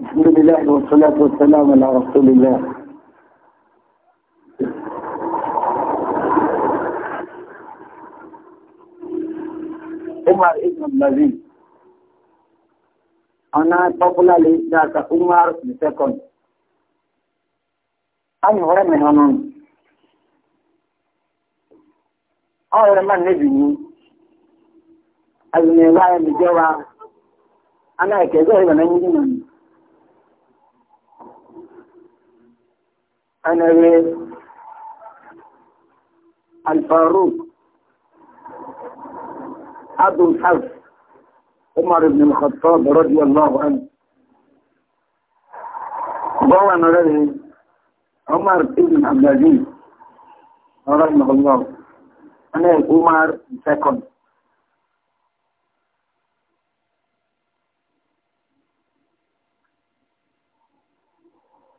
الحمد لله والصلاة والسلام على رسول الله Umar ibn al-Mazin. Ana popularly that's Umar the second. Anyị hụrụ eme ha n'ọnụ. Ọ hụrụ mma nnebi iwu. Azụ na-ewe anyị mjewa. Anaghị ka ego ịba na ndị nọ nụ. أنا الفاروق عبد الحفظ عمر بن الخطاب رضي الله عنه بابا نرده عمر بن عبد العزيز رحمه الله أنا عمر سكن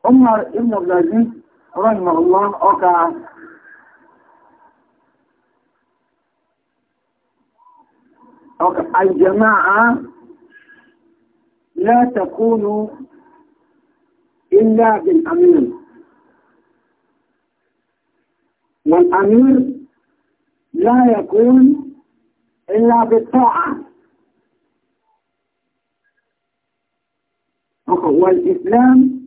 عمر بن عبد العزيز رحمه الله أوكا الجماعة لا تكون إلا بالأمير والأمير لا يكون إلا بالطاعة والإسلام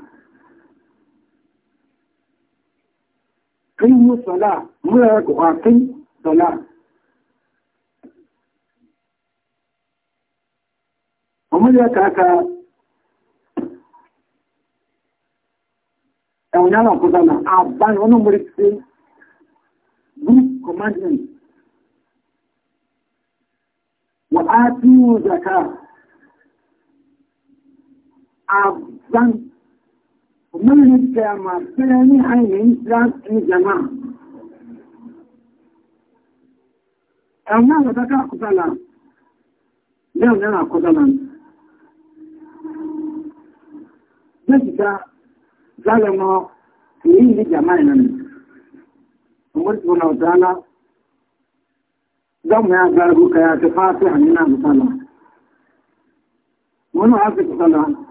kíyí sọ́lá múra wà kí sọ́lá ọmọdé kàkà ẹ̀wọ̀n yára kó sọ́lá àbáyé wọn mú rí sí good commandment wà á tí zaka àbáyé من كما تلني عين لا جماعة أنا لا تكا قتلا لا لا قتلا جدا ظلم في جماعة عمر بن عبدالله دم يا جاربك يا كفاتح من عبد الله ونعافك صلاة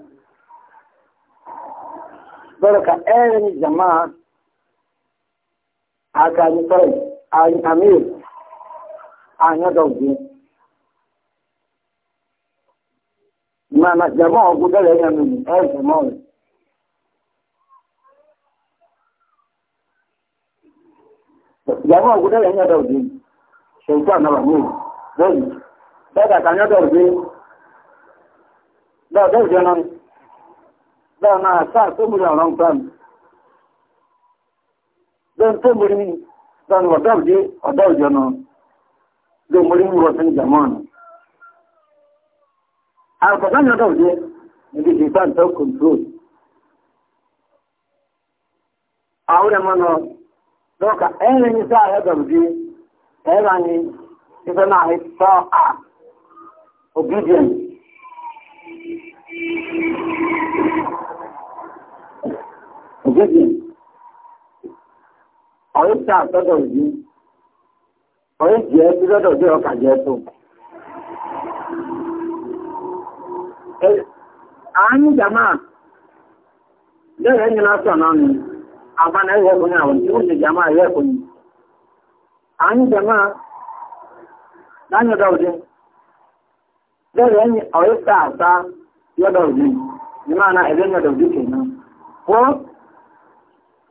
baraka ɗayan jama'a a kani farai a yi amir a mana jama'a guda da yana nuni ɗayan eh, jama'a jama'a guda da yana gauji shaitan na wani zai daga kanyar gauji da zai janar láàrin àṣà tó múrí àwọn ọ̀páàmù lọ́n tó múrí lọ́nà ọ̀dọ́ọ̀dẹ́ ọ̀dọ́ọ̀jọ́ náà ló múrí ń rọ̀tún jàmọ́ọ̀nù àkọ̀kọ́ ní ọ̀dọ́ọ̀dẹ́ níbi ìgbà tó kọ̀ntrol àwọn ẹ̀mọ́ náà lọ́kà ẹ̀rẹ́ ní sáà ẹ̀dọ̀ọ̀dẹ́ ẹ̀rẹ́ ní ìfẹ́ náà ìfẹ́ obedience méjì ọ̀rẹ́ tí a sọ́dọ̀ yìí ọ̀rẹ́ jẹ́ tí lọ́dọ̀ jẹ́ ọkà jẹ́ tó àánú na lẹ́rẹ̀ n'ọnụ, lásọ̀ na ni àbánà ẹ̀yẹ́ kò ní àwọn tí ó ṣe jàmá ẹ̀yẹ́ kò ní àánú jàmá lányọ̀dọ̀ òde lẹ́rẹ̀ ẹni ọ̀rẹ́ a sá yọ́dọ̀ òde ní máa na ẹ̀rẹ́ yọ́dọ̀ òde kè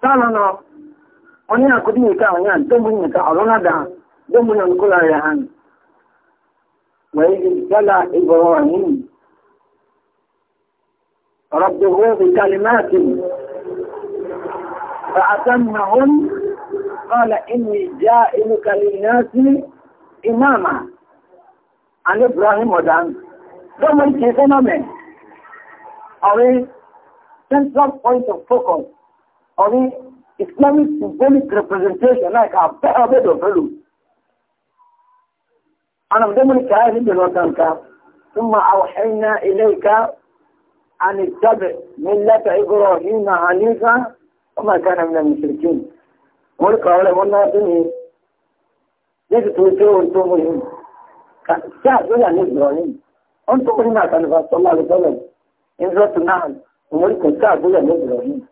Sanana, wani na kudi ne kawo yan don mun yata a rana da don mun yan kula ya hannu. Wai yi kala Ibrahim. Rabbi hobi kalimatin. فأتمهم قال إني جائلك للناس إماما عن إبراهيم ودان ثم يتكلم من أوي central point of focus Only Islamic symbolic representation like a better bed of value. أنا مدمر كاهل بالوطن كاف ثم أوحينا إليك أن اتبع ملة إبراهيم حنيفا وما كان من المشركين ملك أولا منا دني ليس توجيه أنتم مهم كاف ولا إبراهيم أنتم مهم كان صلى الله عليه وسلم إن ذات النعم وملك كاف ولا إبراهيم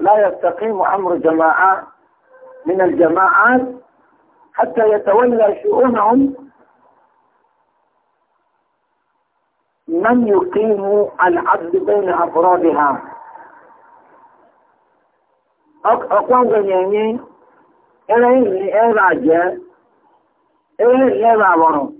لا يستقيم امر جماعه من الجماعات حتى يتولى شؤونهم من يقيم العدل بين افرادها اقوام غنيين ايه ايه راجع ايه ايه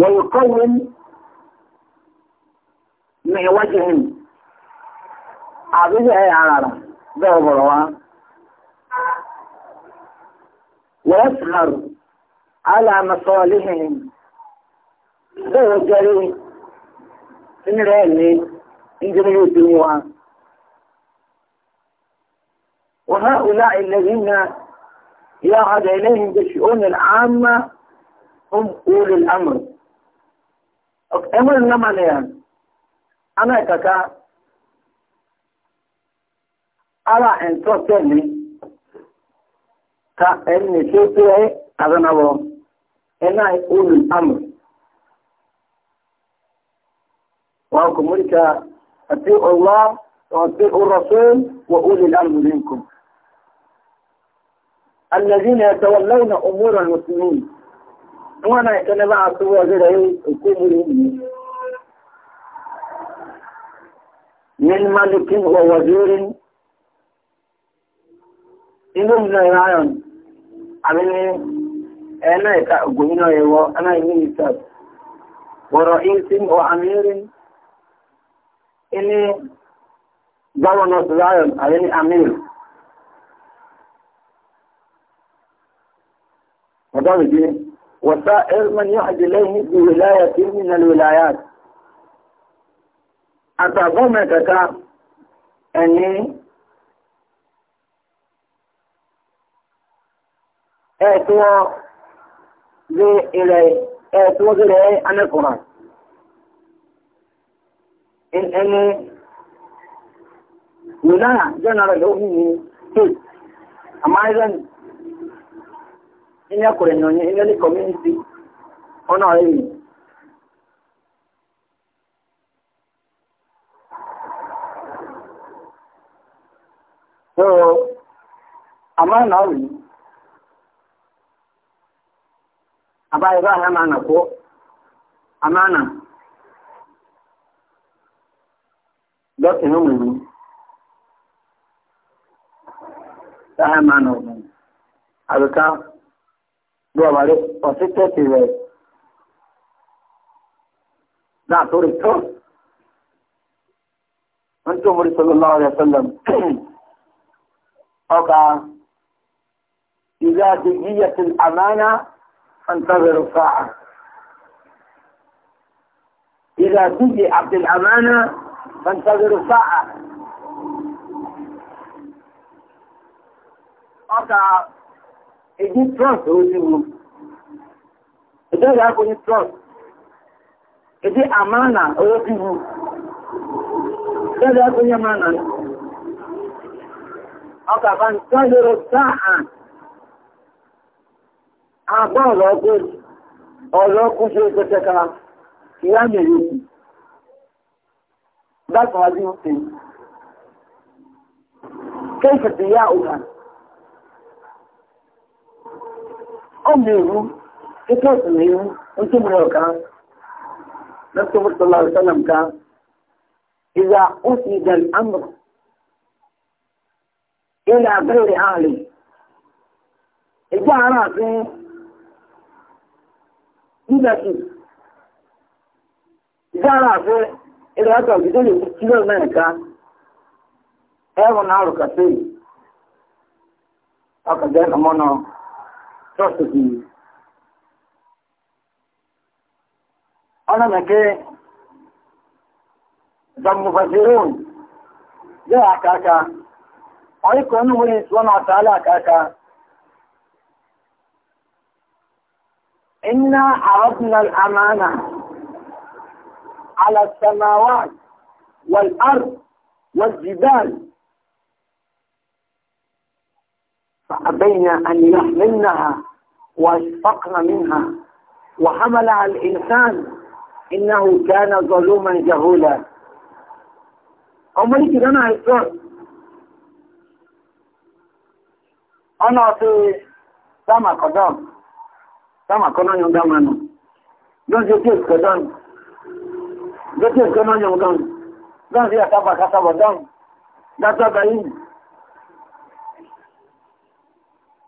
ويقوم من وجه عظيم يا على ذهب رواه ويسهر على مصالحهم ذهب الجريء إن رأيني إن جميل الدنيا وهؤلاء الذين يعد إليهم بالشؤون العامة هم أولي الأمر enwere nna mana ya anaghị kaka ara entrọtemi ka ennesote azanabọ enaghị olu amụ wakụ mulika ati Allah وأطيعوا أطيع الرسول وأولي الأمر منكم الذين يتولون أمور المسلمين Níwọ̀n náà ìtọ́lẹ́ bá àtúwọ́ ọjọ́ rẹ̀ òkú mú ní ìlú. Yẹn máa lè kí ọwọ́ lórí inú ìlú ìráyọ̀n àmì ní ẹ̀nà ìta ògùnmínà ẹ̀wọ̀ ẹ̀nà ìlú ìta wọ̀rọ̀ ìsìn ọ̀ àmìrí inú gbọ́wọ́nà ìráyọ̀n àmì ní àmìrí ọ̀dọ́ ìgbìyànjú وسائر من يعد إليه بولاية من الولايات أتظن كتا أني أتوى ذي إلي أتوى ذي أنا عن إن أني ولاية جنرال أمي أما إذا in ya kure nyonye in any community ọ̀nà ẹ̀yìn. so àmọ́ ẹ̀nà ọ̀rìn àbáyé báyìí a máa nà kó a máa nà dọ́kìnrin òmìnirí sáà máa nà ọ̀gbìn àbíká ló wà lé ọ̀sítẹ́ẹ̀tì rẹ̀ náà tó rí tó ń tó mú rí sọlọ́lá ọ̀rẹ́ sọlọ́m ọkà ìlú àti yíyẹ̀tì àmánà fantazẹ̀rù fáà ìlú àti yíyẹ̀ àti àmánà fantazẹ̀rù fáà ọkà èyí trust ó ti wù ìjọba kò ní trust èdè àmàna ó ti wù ìjọba kò ní àmàna ọkà kan tó lérò sáà Agba ọ̀rọ̀ ọkọ̀ ọ̀rọ̀ ọkọ̀ ìyá mẹ́rin fi ọ bụ iwu ike ọsụrụ iwu nke gburu ọka nasabar ka idza usida al-amr ara ara أنا أنا مكي دم مفسرون جاء كاكا عليكم أنه سبحانه تعالى كاكا إنا عرضنا الأمانة على السماوات والأرض والجبال فأبينا أن يحملنها واشفقنا منها وحمل على الإنسان إنه كان ظلوما جهولا أمريكي أنا أقول أنا في سما قدام سما قدام يوم دامنا يوم جتيس قدام جتيس قدام يوم دام دام فيها سبا كسبا دام لا تبعين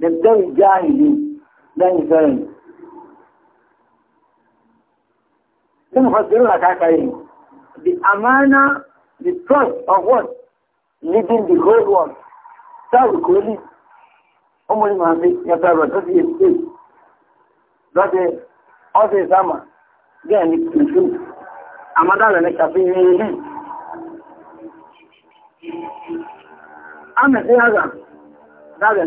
da dan jahili dan sanin sun fasiruna ta kai the amana the trust of what leading the whole world sáàrù kò ní ọmọlé mahammed yàtọ̀ rẹ̀ tó ti yẹ pé lọ́dẹ ọ́sẹ̀ ìsámà bẹ́ẹ̀ ni kìtù àmàdàlẹ̀ ní kàfí ní ilé àmẹ́sẹ̀ yàrá dáadáa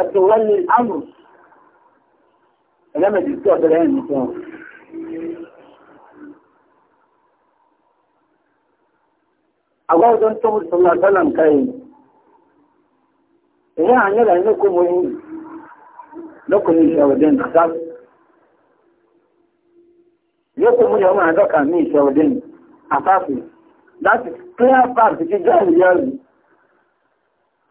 ẹ̀tùwẹ́lì àmù ẹlẹ́mẹ̀dì tí ọ̀bẹ̀rẹ̀ ẹ̀yìn fún àwọn ọdún tó mú sọmọ àtàlàm káyìn èyí àyẹ́rẹ̀ lókò mú yìí lókò ní ìṣẹ̀wọ̀dín àtàlù lókò mú yọmọ àdọ́kà ní ìṣẹ̀wọ̀dín àtàlù láti clear part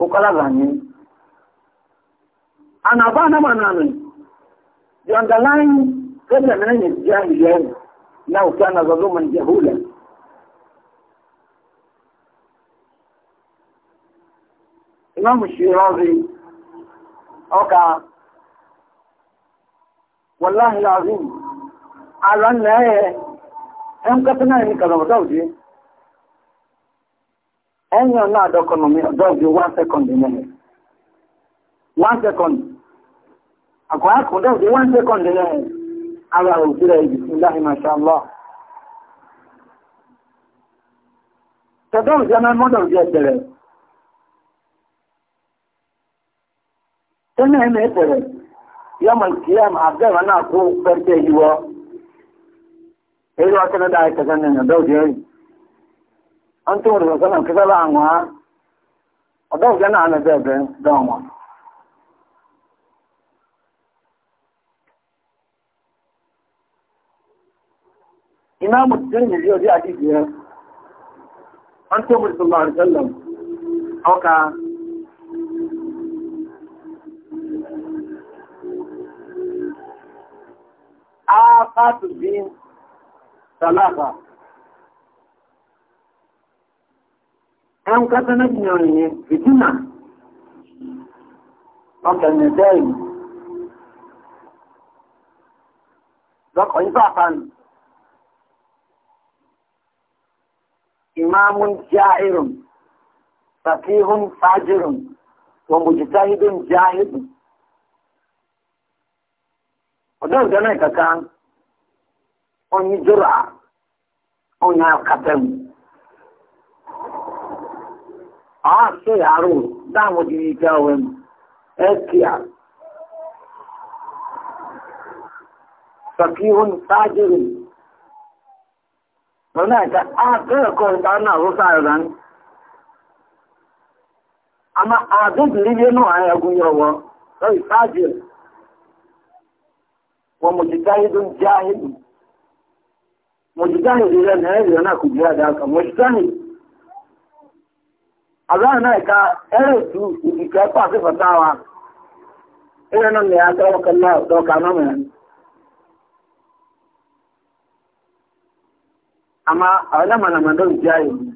Ukalagani. And Abana Manami, the underlying problem is Jahiliyyah. Now كان ظلوما جهولا. Imam Shirazi, ọkà, wàláhìláàzín, àrán lẹ́ẹ̀ ẹ̀ ń kẹta náà ní kàzàbàtà Enyo na dokonomi just be one second in there. One second. Akwa ako just one second in there. Ala ukira bismillah mashallah. Tadon jana modon jetere. Tana ene etere. Yamal kiyam abdema na ku perte hiwa. Ewa kana da ka zanna da dawdi an tun da sanan kisa ba an wa ọdọ ìjẹ náà ní bẹẹbẹ dán wọn. iná mo ti tẹ́lẹ̀ yìí orí àdìgbì rẹ̀ an tó mọ̀lẹ̀ sọ̀rọ̀ àrùsẹ́lẹ̀ ọkà a fàtù bí sàlàfà ẹ̀hún kátà náà jìnà ìyẹn fìtínà ọkẹ̀mẹ̀ dẹ́yìn lọ́kọ̀ yípa àpánù ìmáàmù jáìrùn fàkíhùn fàájìrùn wọn bò jìtá hídùn jáìrùn ọ̀dọ́ na ìkàkà onye jùrà onye akàtẹ̀mù àásọ ìyàrò dáwọn di ìgbà ọ̀wẹ̀mù ẹ́kìá sọ̀kíhún sáájìrì lọ́nà ìta àtẹ́ẹ̀kọ́ ìta náà ó sáàrẹ̀ ní a ma àdóbìnrin ní ẹnu àwọn ẹgún yọwọ́ lọ́rì wọ́n mọ̀jítáyédún jáhìdì mọ̀jítáyédì rẹ̀ náà aka. Abraham náà ka ẹrẹ tu ìdìkẹ́ kọ́ àfihàn táwa. Ẹrẹ náà ní àtọ́wọ́ kẹlẹ́ ọ̀dọ́ka náà mẹ́rin. Àmà àwọn náà mànà màdó ìjẹ́ ayò mi.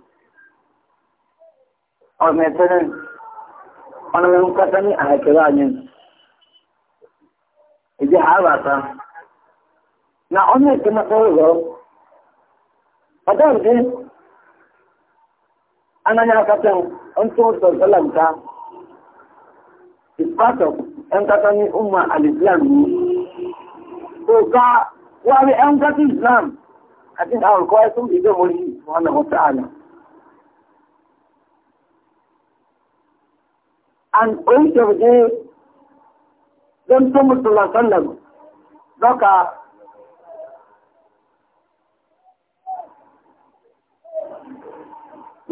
Ọ̀nà ẹ̀tẹ́rẹ́ ọ̀nà mẹ́rin kọ́sẹ́ ní àìkẹ́rẹ́ àyẹn. Ìjẹ́ àbàtà. Na ọ̀nà ìkẹ́mọ́ tó rọ̀ ọ̀dọ́ ìdí. Ananya akatẹ́wọ̀n unto sallamta is part of ‘yan kasa ni umma al-islam ni. To ka wari ‘yan kasa islam a cikin awalko ya sun ido mulki wannan wata ala. An oyi kyauce don tun musulman sallam doka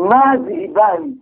ma zibani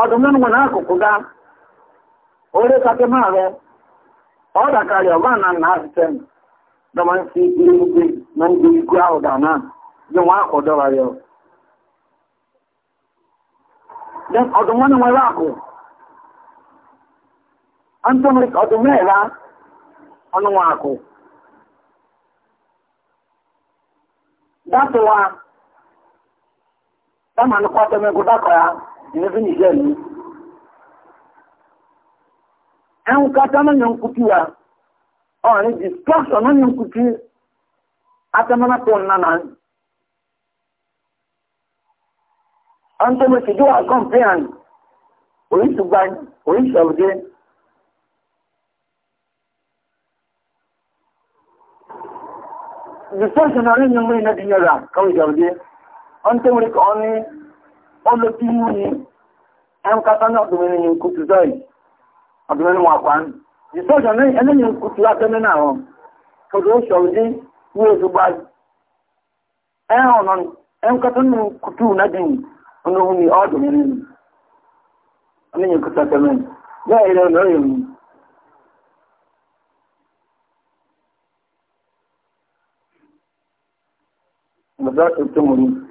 ọdụm nwa n'akụkụ ga ore kacha ma ahụ ọ dakarị ọba na nna asịte m dọba na ndị ikwu ahụ da na dị nwa ọdụm nwere akụ antomri ọdụm na-era ọnụ akụ datụwa dama nkwata megụ dakọ ya ìlẹ́fẹ́ nìjẹ́ ní ẹ̀hùn kátà náà yàn kútù wa ọ̀rẹ́ distraction náà yàn kútù atẹ́mọ́nà tó nánà ọ̀ntọ́mọ̀ ṣèjú wa kọ́mpẹ́yàn oríṣùgbà oríṣọ̀ọ̀dẹ́ distraction náà yàn mú iná dínyẹ̀rà káwé ìjọ̀ọ̀dẹ́ ọ̀ntọ́mọ̀ olóbi wúni ẹnkátá e ní ọdúnmẹ́rin ní nkútù zọ́ì ọdúnmẹ́rin wà kwán ìsọ́jọ́ ní ẹlẹ́yìn nkútù látẹ́mẹ́ náà wọn tòdó ṣọ̀rọ̀ ní oṣù na Gbogbo e e ọ̀tọ̀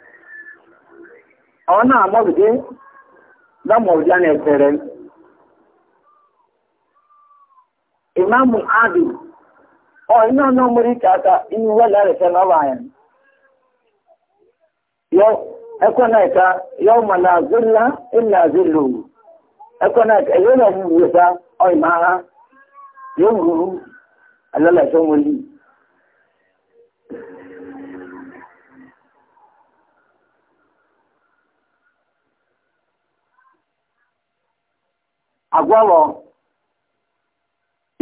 àwọn náà mọ̀ wípé lọ́mọ̀ ní rẹ̀. Ìmáàmù Ádì, ọ na náà mórí kàtà inú wẹ́lá rẹ̀ fẹ́ lọ́wọ́ àyàn. Yọ ẹkọ́ náà ẹ̀ka yọ mọ̀lá zílá ilẹ̀ Ẹkọ́ náà ẹ̀ka yóò mú ọ yóò rú agwọrọ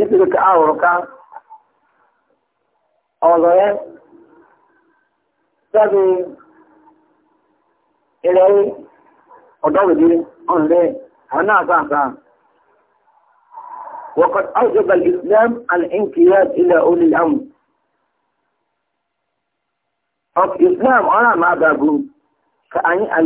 ịsịrị ka hụrụ ka ọzọ ya sẹbi ilẹ̀ ọ̀dọ́wìdì ọ̀nlẹ̀ àwọn náà sàn sàn. وقد أوجب الإسلام الانقياد إلى أولي الأمر of Islam na máa bàbú ka anyị al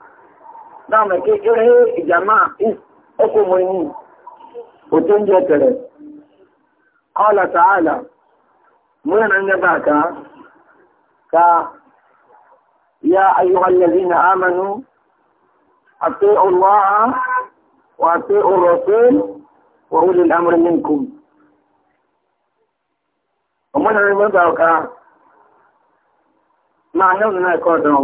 dáàmù kékeré ìjàmá ọkọ̀ mọ̀ ní òtún jẹ́ tẹ̀rẹ. Ọlá tààlà, múlẹ̀ na ngaba ka, ka ya ayyuhallazi na amanu, a fi ọlọ́ha wa fi ọrọ̀fẹ́ wa wulil amurin minkum. Ọmọdé na ngaba ka, máa náà nínú ẹ̀kọ́ dánwò.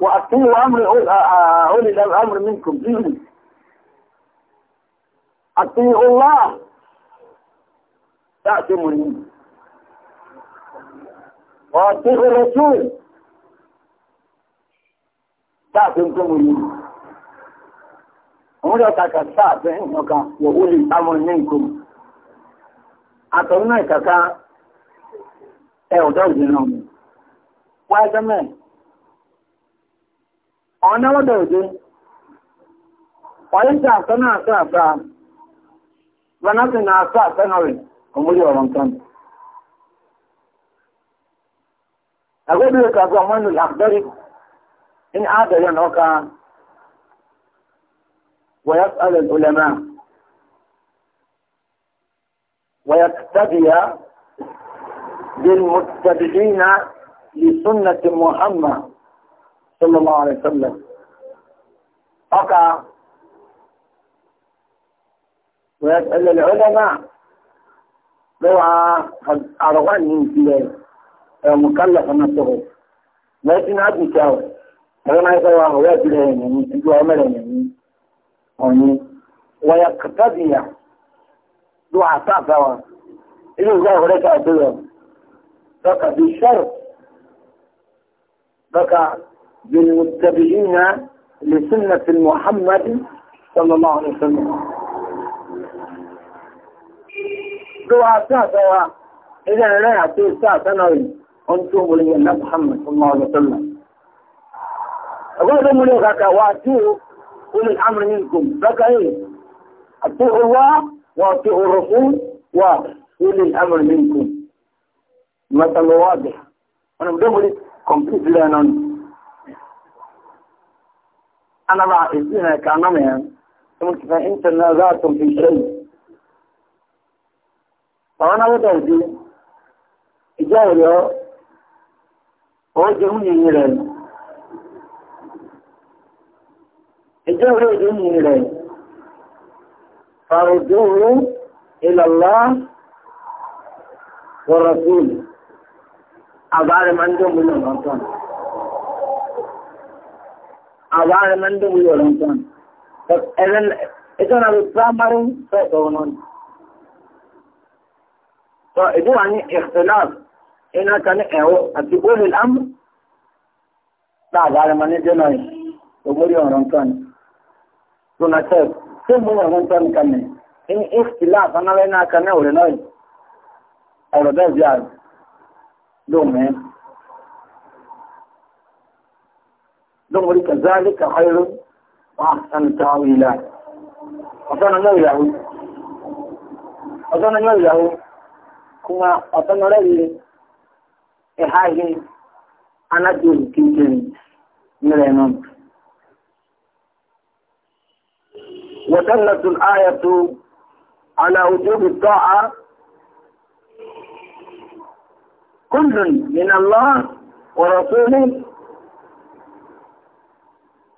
وأطيعوا أمر أولي الأمر منكم أطيعوا الله تأتمني وأطيعوا الرسول تأتمني Omúdọ̀ kàkà sáàfẹ́ ìkàkà wọ̀ ó lè sámọ̀ ní ìkòmù. Àtọ̀rún náà ìkàkà ẹ̀ ọ̀dọ́ ìdínà. Wáyé jẹ́mẹ̀ẹ́ ọ̀nà lọ́dọ̀ òde ọ̀yẹ́ sí àṣọ náà sí vanasi na àṣọ àṣọ náà rẹ̀ ọmọdé ọ̀rọ̀ nǹkan agbẹ́bẹ̀rẹ̀ kàgbọ́ ọmọ inú làkbẹ́rẹ̀ waya àádọ́rẹ̀ ulama Waya ويسأل العلماء ويقتدي بالمتبعين لسنة Muhammad. sallallahu alaihi wasallam أقع ويسأل العلماء لو قد أرغان من كده مكلف نفسه لكن عاد يساوي أنا يسوى هوايات الهين يعني أنتوا عملين يعني يعني ويقتضي دعاء صعبة إنه جاء هناك أدوية بقى بشرط بقى بالمتبعين لسنة محمد صلى الله عليه وسلم دعاء ساسا إذا لا يعطي ساسا نوي أنتم لي محمد صلى الله عليه وسلم أقول لهم لك وأتوا كل الأمر منكم لك إيه أطيعوا الله واتوه الرسول وكل الأمر منكم مثل واضح أنا بدمري كومبليت لأنني أنا مع الزنا كأنمهم قلت فإن تنازعتم في شيء فأنا بدأتي إجابة وجهوني إليه إجابة وجهوني إليه فردوه إلى الله والرسول أبعد من عندهم من الأنصار Agar Anand will Orantan. But even it's an Avipramari set on. So it is an Ikhtilaf. In a can ever at the Bull Am. Agar Anand Janai. The Bull Orantan. So not said. Same Bull Orantan can. In Ikhtilaf, another can ever. Or does yard. Don't man. نغرك ذلك خير وأحسن تأويلا أصلا نوله أصلا له كما أصلا له إحاجة أنا دول كيكين مرينون وتلت الآية على وجوب الطاعة كل من الله ورسوله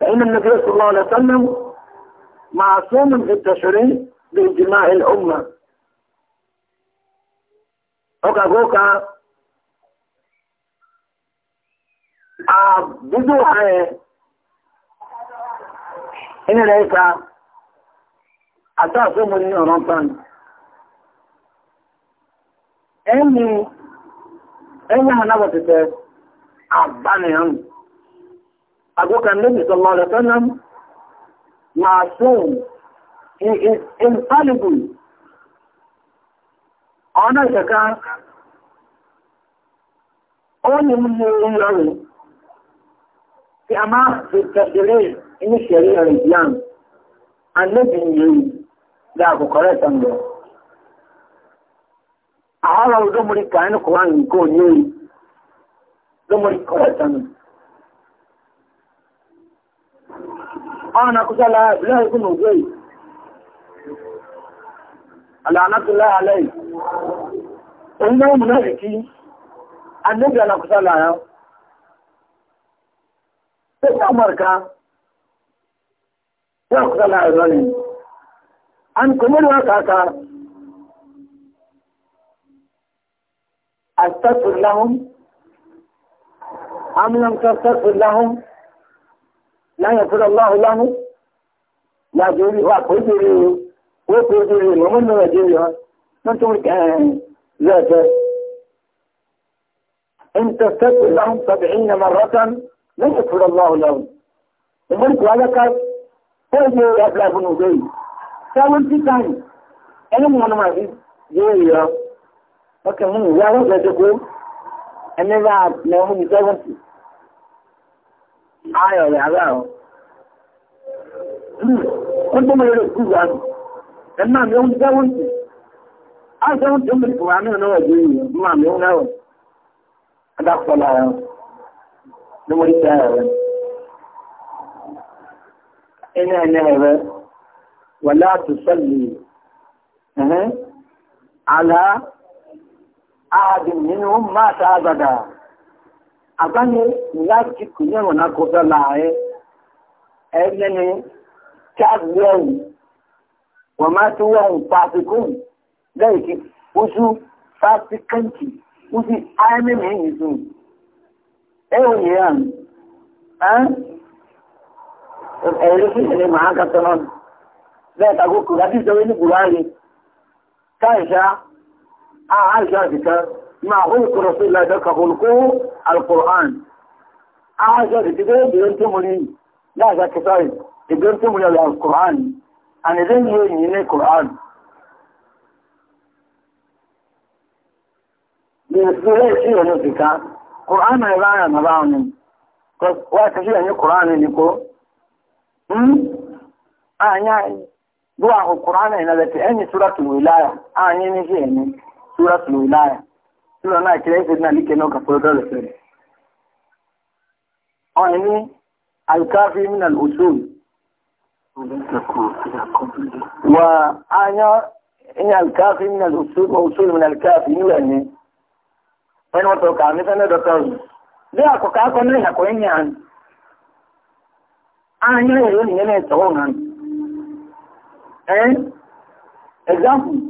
l ne m ma na sụ eei iọka gka aidoị eka aaa enyi hụ anaaụa aa Agbókan lóbi sallallahu alaihi wasallam, Ma'asum, he is infallible. Ọ̀nà ìṣẹ̀ká, ó ní mú ìyọrù tí a máa fi tẹ̀sílẹ̀ inú ṣẹ̀rí ẹ̀rẹ̀ ìyàn, àlébì yìí dáàbò kọ̀rẹ́ tàbí. Àwọn ọ̀rọ̀ ọdún mú rí kàánù kọ̀wàá nìkó ní orí, ló mú أنا قتل لا يكون وزي لعنة الله عليه إنه منافقي النبي أنا قتل يا تتأمر كان يا قتل يا إبراهيم أن كمل وكاكا أستغفر لهم أم لم تستغفر لهم láyé fún ọlọ́run lánú láti orí wa kò jèrè o ó kò jèrè o mọ́ ní nàìjíríà wọn tó ń tún kẹ́hìn lẹ́ẹ̀fẹ́. ان تستقبل لهم سبعين مرة لا يغفر الله لهم. الملك على كاس فوجي أبلا بن أبي. ساول في ثاني. أنا من ما في جيري يا. لكن من يا رب لا تقول أنا بعد لهم سبعين ayọ̀ rẹ̀ ara ọ̀. Hmm, wọ́n tó mẹ́rẹ̀ kúrò àrùn, ẹ̀nà mi ó ń dáwọ́ ìtì. A ṣe wọ́n tó mẹ́rẹ̀ kúrò àrùn náà jẹ́ ìyẹn, máa mi ó ń rẹ̀wọ̀. wà láti sọ́lì, àlá, ààbì nínú máa ta àgbàdà agane lati kunyanwa na kota lae enene chagwewu wamatu wewu fasikun laiki usu fasikanci usi ayame ne yi su ewu ne yan ẹ̀rẹ́ sí ìṣẹ̀lẹ̀ máa kàtọ̀nà lẹ́ẹ̀ta gókù láti ìṣẹ́wé ní buhari káìṣá àìṣá àti kan ما خلق رسول الله ذلك خلقه القرآن أعجب كده بينتمني لا ذاك طيب بينتمني على القرآن أنا ذن يني القرآن بيسوي شيء نفسك قرآن ما يبان ما بان واتشي أن القرآن نيكو هم أنا دعاء القرآن إن التي أني سورة الولاية أني نجي أني سورة الولاية sura na kire sai na like no ka fodo da sai on ni al-kafi usul wa anya in al-kafi min al-usul wa usul min al-kafi ni wani wani wato ka mi sanar da kan ni ako ka ko ni ako yin yan anya yo ni ne tawon han example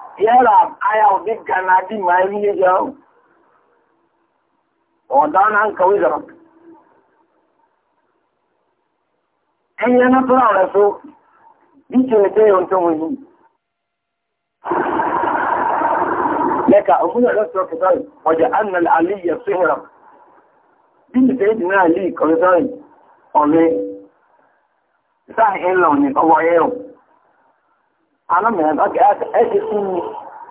a aya ụdị ga na adị ma ihe gị ahụ ọda na nka wizara enye na tụrụ ọrịa so dịka ete ya ntọ nwere leka ọmụna lọsọrọ kọsọrọ ọjà anna ali ya sihira bí ìfẹ́ ìdínà ali kọsọrọ ọ̀rẹ́ sáà ìlọ ní ọwọ́ أنا من هناك أكسوني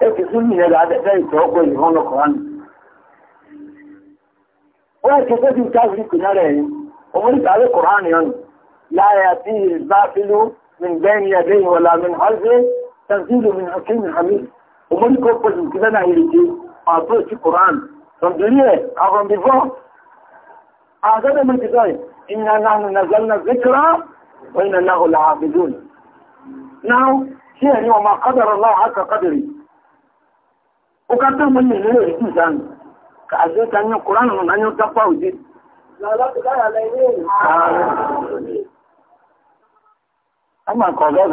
أكسوني هذا هذا يتوقع يهون القرآن وأكسوني في كافر كناره ومن هذا القرآن يعني لا يأتي الباطل من بين يديه ولا من خلفه تنزيل من حكيم حميد ومن كوبس من كذا نهيرتي أعطوه في القرآن فمدريه أعظم بفهم هذا من كذلك إننا نحن نزلنا الذكرى وإنا له لعابدون Now, نعم. shi ne wa ma kadara Allah haka kadari ukatar mun ne ne yake san ka aje kan yin Qur'an mun an yi tafa uji amma ko ga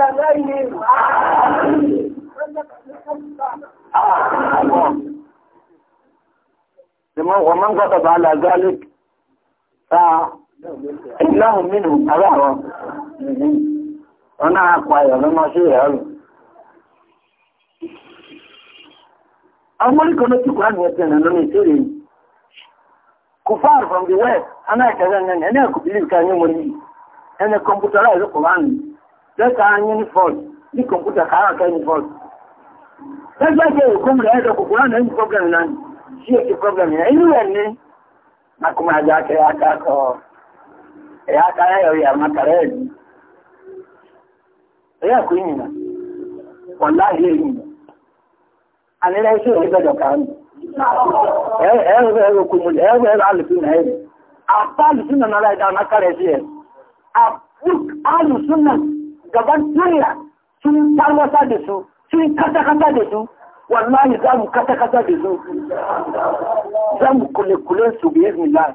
ga ne لما ومن غضب على ذلك فإله منهم أبعه wọn náà payọ̀ ló mọ́ sí ẹ̀rù. ọmọdé kan ló ti kọ́ àmì ẹ̀sẹ̀ nà lónìí yìí kò fáàrù from the west aná ìṣẹ̀lẹ̀ nẹ́ni ẹni ẹ̀kọ́ bìlì ká ní mọ́lì ẹni kọ̀mpútàrà ìlú kò wánu lẹ́ka ní ní fọ́ọ̀d ní kọ̀mpútà kára ká ní fọ́ọ̀d. lẹ́gbẹ́ ṣe ìkómù rẹ̀ ẹ̀dọ̀ kòkòrò àná ní problem náà sí èké problem yẹn inú rẹ̀ ní akọ̀mọ̀ àjọ akẹ́yà akọ̀ ẹ̀yà akẹ́yà yọ̀ ya ku yi na wallahi ya yi na a nira shi ya ga da kanu ya yi zai ku mu ya zai alifi na yi a ta alifi na na laida na kare shi a duk alifi na gaban duniya sun tarwata da su sun kasa-kasa da su wallahi za mu kasa-kasa da su za mu kule-kulen su bi izini lai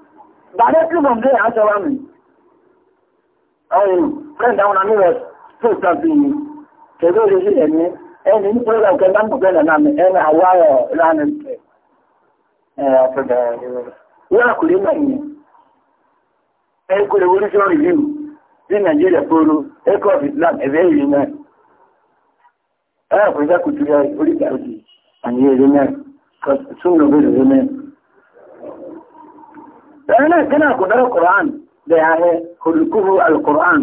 directly from there as around me. Oh, friend, down on me was so something. Kẹ̀kẹ́ lè ṣe ẹ̀mí ẹni ní program kẹ́ bá ń bùkẹ́ lẹ̀ náà ẹni àwọ̀ ayọ̀ lánàá ẹ̀ ọ̀fẹ́dà wọ́n àkùlé náà yẹn. Ẹ kò lè wọlé sọ́rọ̀ review ní Nàìjíríà polo ẹ̀kọ́ of Islam ẹ̀fẹ́ ìrìn náà. Ẹ àpòjá kùtù rẹ̀ orí ìgbà òjì àyè tẹ́lẹ̀ kínà kò dára Kùrán da ya he hulkuhu al-Kùrán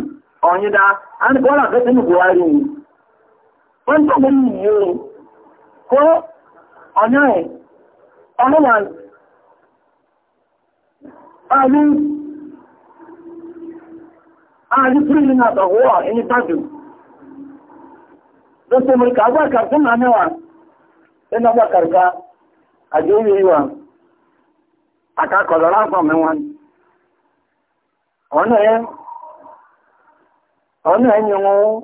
ọ̀yí dá an kọ́nà fẹ́ sínú buhari ni wọ́n tó mú yíò kó ọ̀nà ẹ̀ ọmọlá àrí àrí fílì náà tọ̀wọ́ ẹni tàbí lọ́sọ̀mọ̀ríkà agbákarkún náà mẹ́wàá ẹni agbákarká àjẹ́ orí wa akakọ̀lọ̀ lápọ̀ mẹ́wọ́n ọ̀nà ẹni wọn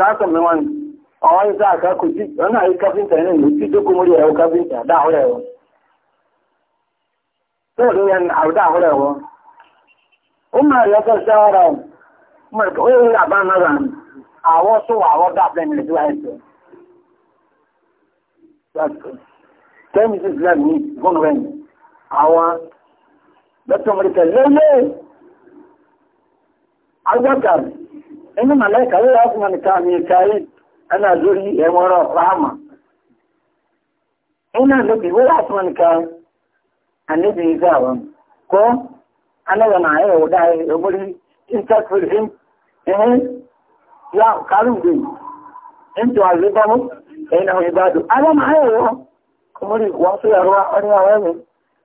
látọ̀ mẹ́wọ́n na ìsá àkákò tí ọ̀nà àrí káfíntà ẹni ìlú tí tó kó mórí ẹ̀wọ́ káfíntà dáhùrẹ̀ na tó rí ẹni àwùdáhùrẹ̀ ẹ̀wọ́ ó máa rí ọkọ̀ sí ọ̀rọ̀ àwọn lọ́tọ̀mọ̀lẹ́kẹ̀ lẹ́lẹ́ agbákan inú màláìkà ló yá fún ọ̀nìkà mi lórí ẹ̀wọ̀rọ̀ ráàmà inú àlóbi wó yá fún àníbi ìgbà kọ́ anáwọn àyẹ̀ ọ̀dá ẹgbórí him àwọn ìbádùn ayẹ̀wọ̀ kọmọrí wọ́n sí ẹ̀rọ ọ̀rẹ́ àwọn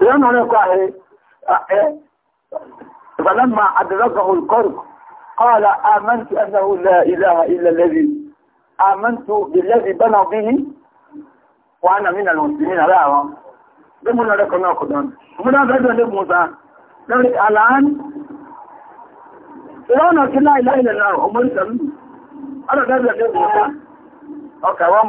ìyọ́nà rẹ̀ kọ́ ẹ̀ فلما أدركه القرب قال آمنت أنه لا إله إلا الذي آمنت بالذي بنى به وأنا من المسلمين لا لمن لك ناقضان من هذا لموسى لذلك الآن ìlànà tí láì láì lè náà ọmọ ìsẹ̀lú ọ̀rọ̀ dájú ẹgbẹ́ ìgbẹ̀ta ọkà wọ́n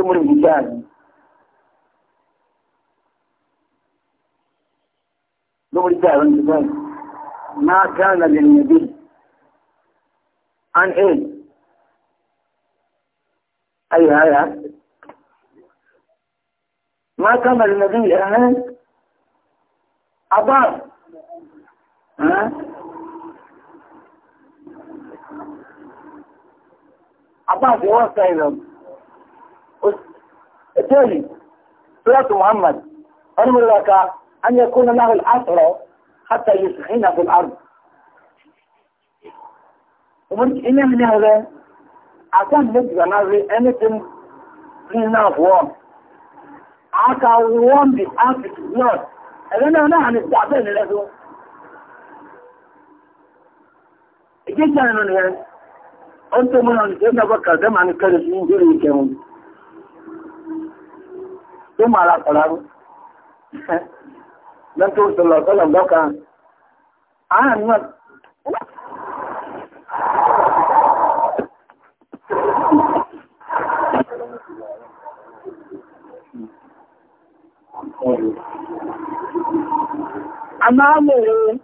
ثم الانتقال ثم الانتقال الانتقال ما كان للنبي عن ايه اي هذا ما كان للنبي عن عبار ها عباس يوصي لهم التالي صلاة محمد أمر لك أن يكون له الأسرى حتى يسخن في الأرض ومن إن من هذا عشان نجد نظري anything في up warm أكا warm the Arctic blood أنا أنا عن التعبير لأسو جيت أنا من هذا أنت من أن تبقى دم عن الكرسين جري كمون tó máa ra kọ̀lárú lọ́tọ́ ìṣọ̀lọ̀ ọ̀sọ́lọ̀ lọ́ka àárín wọn a máa mẹ́rin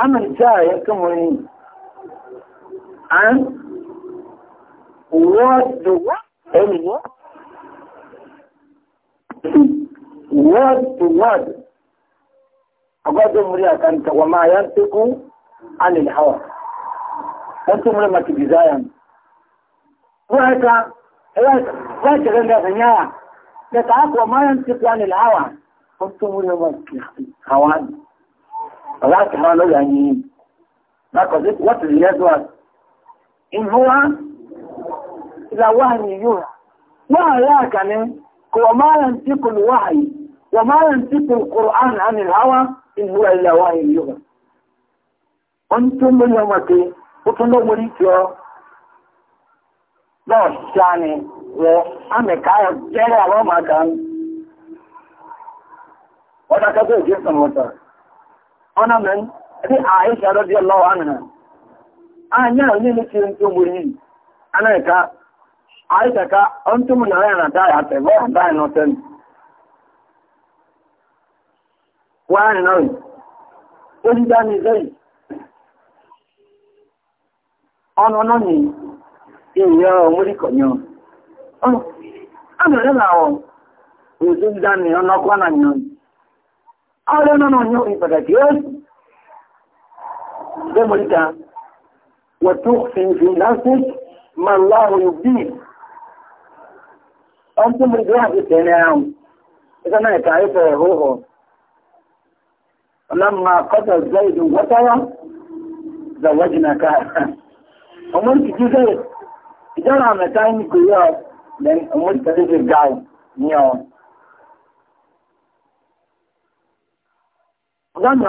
àmìn jáà yẹ kí mo rí àán wọ́n dùn speak word to word about the Muria Kanta Wama Yantiku and in Hawa. Wọ́n tún múlẹ̀ màtí desire. Wọ́n ẹ̀ka wọ́n ṣẹlẹ̀ ní ẹ̀sẹ̀ yára. Lẹ́ka àpò máa ń ti plan ilẹ̀ àwà. Wọ́n tún múlẹ̀ màtí àwà. Ọ̀rá ti máa lọ́yà yìí. ti lè ẹ́dùn àti. Ìmúwa ìlàwọ̀ yóò Wọ́n àrẹ́ àkàní وما ينطق الوحي وما ينطق القرآن عن الهوى إن هو إلا وحي يوحى أنتم اليومتي وتنو مريتيو lọ ṣàní wọ amẹ̀ká jẹ́rẹ̀ àwọn aisha ka antum na yana ya ta ba da no ten wani no odi da ni zai ono no ni iyo muri konyo ono ano le na o odi da ni ono na nyo ale no no nyo wa fi nafsik ma Allah yubdih ọdún mi gbé àgbèsè ní ahùn ẹgbẹ́ náà ẹ̀ka ẹ̀fọ́ ẹ̀hó hàn ọlọ́mọ akọ́tọ̀ jẹ́ ìlú wọ́tọ́rọ́ zọ̀wọ́jì náà ká ọmọ ìtìjú dé ìjọba àmẹ́ta ní kò yọ ọmọ ìtìjú dé ga ní ọ. ọ̀gáàmù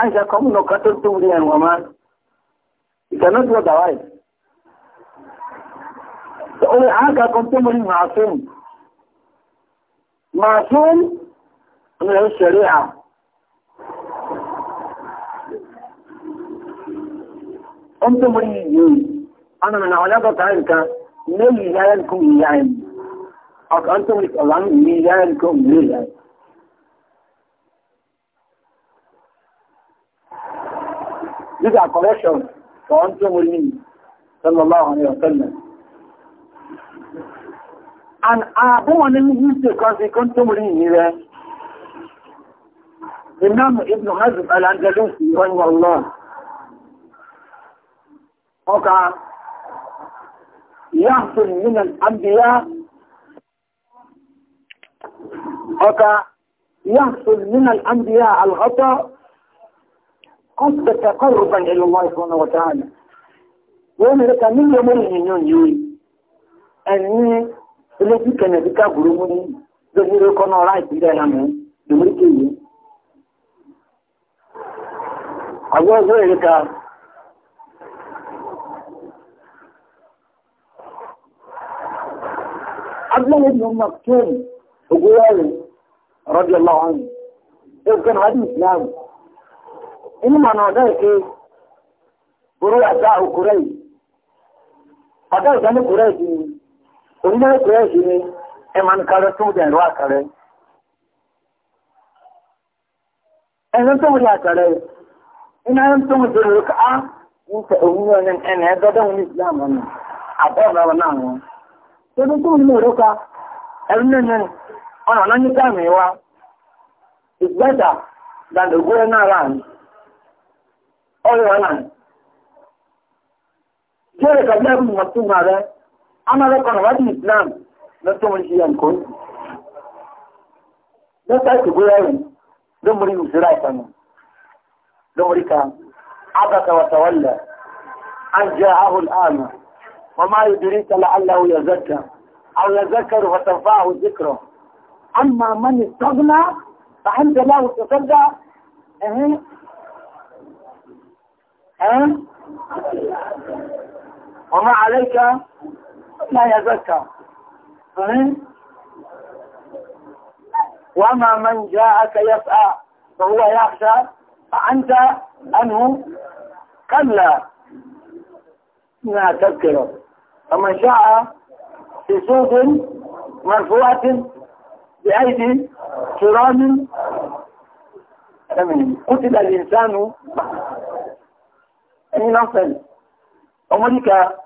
àìsàn kọ́mùnà kọ́tọ̀ tó ń rí ẹ̀rù ọ̀ma ìtàn náà tó dàwáyé. ọ̀rẹ́ àákàkùn tó mú ní màásùn màásùn rẹ̀ ń ṣẹ̀rẹ́ à ọ́n tó mú ní yìí ọ̀nà mẹ́nà ọ̀lẹ́bọ̀ta nǹkan mẹ́lì yáyẹ́kùn yáyẹ́ ọ̀kan tó mú ní ọ̀lá These are corrections for Antum Ulmi, sallallahu alayhi wa sallam. and àbúwọn nínú wíṣẹ̀ kan sí kan tó rí ní rẹ̀ imamu ibn hazm al-andalusi wani allah ọka yahsul min al-anbiya ọka يحصل من الأنبياء الخطأ قصد تقربا إلى الله سبحانه وتعالى ويقول لك من يوم الهنيون يوي ẹni ilé tí kẹ̀nẹ̀ tí káàbùrú mú ní lójúrú kọ́ náà láì pínlẹ̀ ìlànà lórí kéyìí. Àwọn ìrìkà Abdullahi ibn Maktoum Ogoyari radiyallahu anhu Ẹgbẹ́ Hadi Islam Inú mọ̀nà onílé ẹ̀kọ́ ẹ̀ṣì ni ẹ máa ń kárẹ́ tó dẹ̀ ẹ̀rọ àkàrẹ́ ẹ̀rọ tó wọlé àkàrẹ́ ọrụ ẹ̀rọ tó wọlé lórí ká á ń tẹ òun yọ ẹ̀nà ẹ̀dọ́dọ́ wọn ní ìsìlámù ọ̀nà àbọ̀ ọ̀rọ̀ náà wọn tó ní tó wọlé lórí ká ẹ̀rọ náà ní ọ̀nà náà ní dáàmì wa ìgbẹ́ta dàdògbó ẹ̀ عمل هذا الإسلام لستم الشيئا كل لا تقول أين دمري دمري كان عبث وتولى أن جاءه الآن وما يدريك لعله يزكى أو يذكر وتنفعه ذكره أما من استغنى فعند الله تصدى أه. أه. وما عليك لا يزكى وما من جاءك يسعى فهو يخشى فأنت أنه كلا ما تذكره فمن شاء في صوت مرفوعة بأيدي كرام قتل الإنسان من نصل أمريكا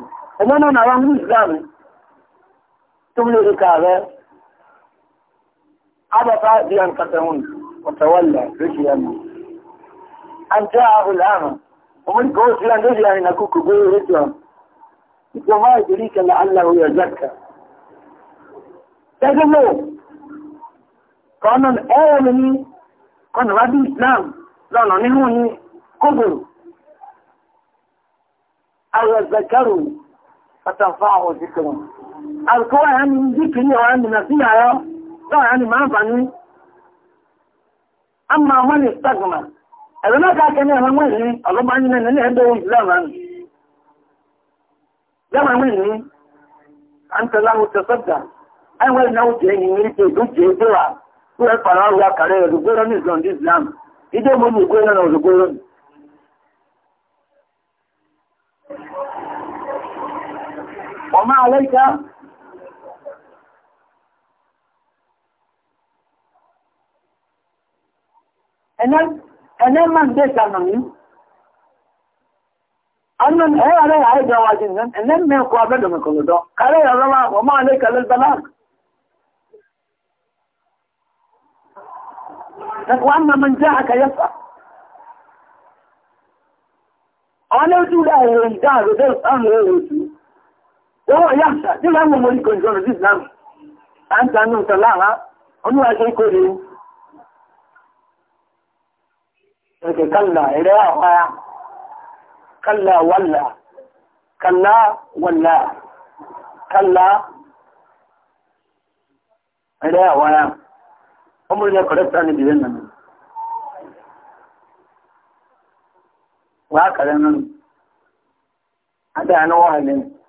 ọmọ náà náà wá ń gbàmù tó mú lórí kààrẹ abata bí an kàtàwọn ọ̀tàwọ̀lá lóṣì yàmù an jẹ́ àhùlá àmà ọmọ nìkan ó sílá lórí àrin na kúkú gbé orí tó ìjọ máa ìdílé aụk anya ndị kena a aa a na a naaka ke ny a n n e ilam a nwere nwe aae nerị na e enyi mike go oha e kpara ọụa karịa ooo ia dị islam id ogbe egwee n n orogboro وما عليك ẹ̀nẹ́ máa ń dé ìkànnà yìí annan ẹ̀ ààrẹ àìjọ wa jìn nan ẹ̀nẹ́ mẹ́kọ́ abẹ́dọ̀mẹ́kọlọ́dọ́ kàrẹ́ ìrọ̀lọ́wà wọ́n máa lé kẹlẹ́ balak ẹ̀kọ́ annan mọ́ jẹ́ àkàyẹ́fà ọlẹ́jú rẹ̀ ìrìn dáàrù Wọ́n yá tí máa mú mọ́rí kò ìjọ́rọ̀ sí ìsìlámù. A ń tanú ìtọ̀ láàá, ọdún àṣẹ ikó rẹ̀ ní. Ẹ̀kẹ̀ kálà ẹ̀rẹ́ àwárá, kálà wàlà, kálà wàlà, kálà ẹ̀rẹ́ àwárá. Ọmọ ilẹ̀ kọ̀rẹ́ta ní ìbílẹ̀ nà. Wà á kàrẹ́ nínú. Adé àná wà lẹ́nu.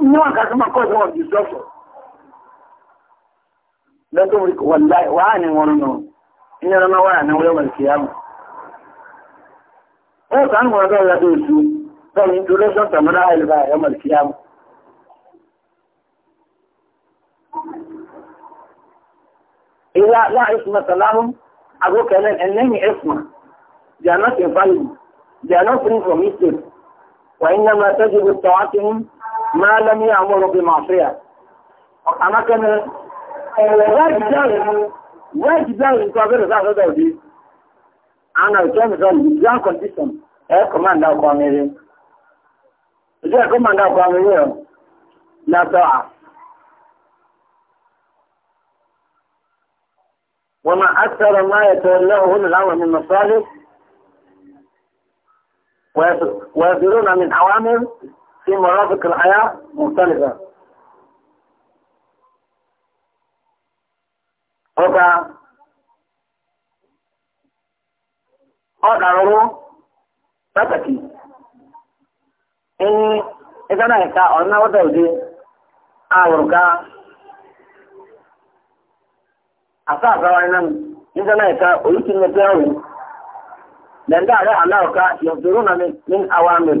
no one can come across one of destruction. Lọ́tọ̀ orí kò wàláì wà ní wọn nù, iná ọmọ wà ní wọ́n wọ̀n kìíyàmù. Ó sàn wọn lọ́wọ́ yàtọ̀ oṣù, tọ́lù introduction tàmílá àìlúbà yọmọ kìíyàmù. Ilá láìsùmọ̀ sàlámù, agókẹ̀lẹ̀ ẹ̀lẹ́yìn ẹ̀sùmọ̀, they are not infallible, they are not free from mistakes, wà ní ọmọ tẹ́jú máa lẹ́mí àwọn ọ̀rọ̀ bí máa fẹ́ à. Àmákẹ́ni ọ̀rọ̀ wẹ́ẹ̀dì dáàrin tó abẹ́rẹ̀ sáàsọ́dọ̀ òdí. Àna ìtọ́mìtọ́ ground condition ẹ̀ kọ̀mándà ọkọ̀ amẹ́rẹ́. Ìjọ́ ẹ̀ kọ̀mándà ọkọ̀ amẹ́rẹ́ ọ̀ látọ̀ à. Wọ́n máa àtọ̀rọ̀ máa ẹ̀tọ́ lẹ́hùn في مرافق الحياة مختلفة أوكا أوكا رو باتكي إني إذا أنا هكا أنا وتوجي أوركا أساسا وإنم إذا أنا هكا أريد أن أتعوي لأن ده على علاقة يصدرون من أوامر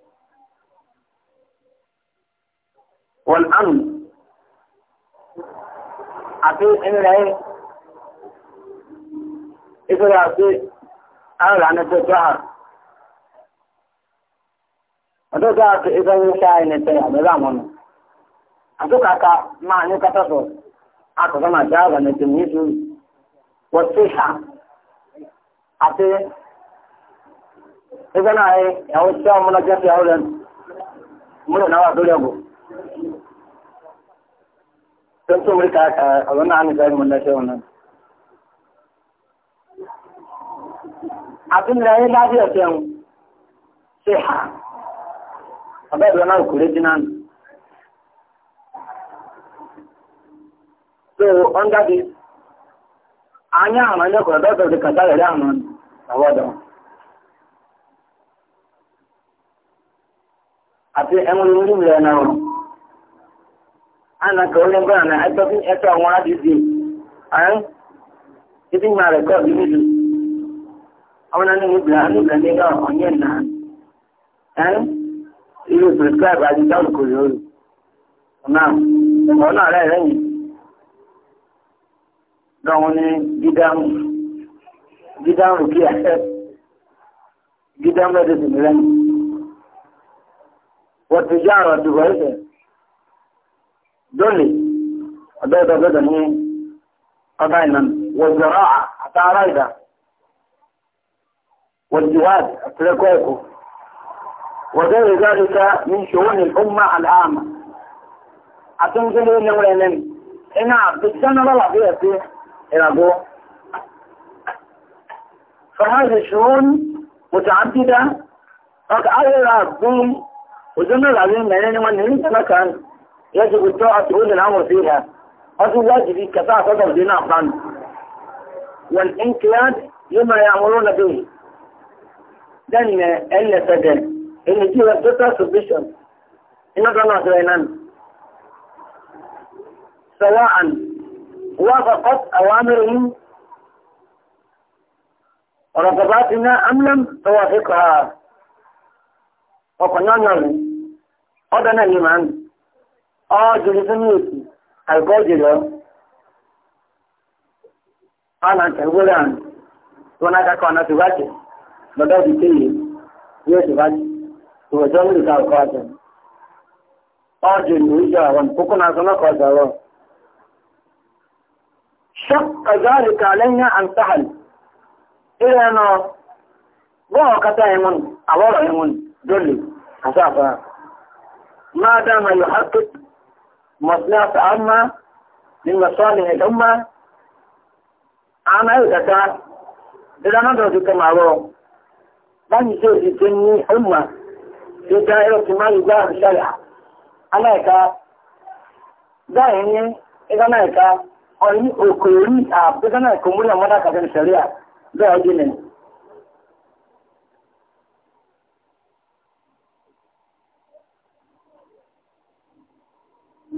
والأمن àti ẹnìyàn yìí ìfẹ́ àti àrà nẹ́tẹ̀ jáà ọjọ́ jáà ti ìfẹ́ ní ha na àbẹ́lá mọ́nà àtúkàkà máa ní kátàtọ̀ àkọ́kọ́ máa jáà na nẹ́tẹ̀ ya ìṣú wọ́n tí ṣà àti ìfẹ́ náà yìí ẹ̀wọ́n sun so wurka a wannan an zai mun lafiya wannan abin da ya lafiya ce sai ha abai da na kure jinan so on that is anya amanya ko da da ka da da aman awada ati emu ni ni na ana ka onye gwara na ekpezi eke ọnwa adịghị anyị ndị ma rekọd ilu ọmụna ndị mụbiri anụ ka ndị onye nna anyị ilu prescribe adịghị ọlụkọrọ olu na ọ na-ara ere nyi dọnwụ ni gidan gidan rukia gidan medicine rẹ wọ́n ti jẹ́ àrọ̀ dole a da da da ne a nan wa a tara da wa jiwad a tsirakwaiko wa zai zalika min shugunin umar al'ama a tun gile ne wayanin ina duk general affairs ne irago فهذه الشؤون متعددة قد أرى بوم وزمن العظيم mai أين wani هنا كان يجب الطاعة تقول الأمر فيها هذا واجب كفاءة صدر دين أخران والإنقياد لما يعملون به دن إلا سجل إن جيوة دوتا سبشن إن الله سوينان سواء وافقت أوامرهم رغباتنا أم لم توافقها وقلنا نرى قدنا الإيمان ọjọ́ sínú òtù àgbọ́jì lọ ọ̀nà tẹ̀gbọ́dà tó náà kakọ̀ ọ̀nà tó bájẹ̀ lọ́dọ̀ ti kéye yóò tó bájẹ̀ ìwọ̀jọ́ ń lè ka ọkọ̀ ọjọ́ ìlú ìjọ àwọn kókó náà sọ lọ́kọ̀ ọjọ́ rọ شق ذلك علينا أن سهل إلى أن بوه كتائمون أورائمون دولي أسافا ما دام يحقق مصلحة عامة من مصالح الأمة أنا أتكا إذا ما درت كما هو من يصير تني أمة في دائرة ما يباه الشرع أنا أتكا دائما إذا أنا أتكا أني أكوري أبدا أنا كمل أمانة كذا الشريعة ده أجنن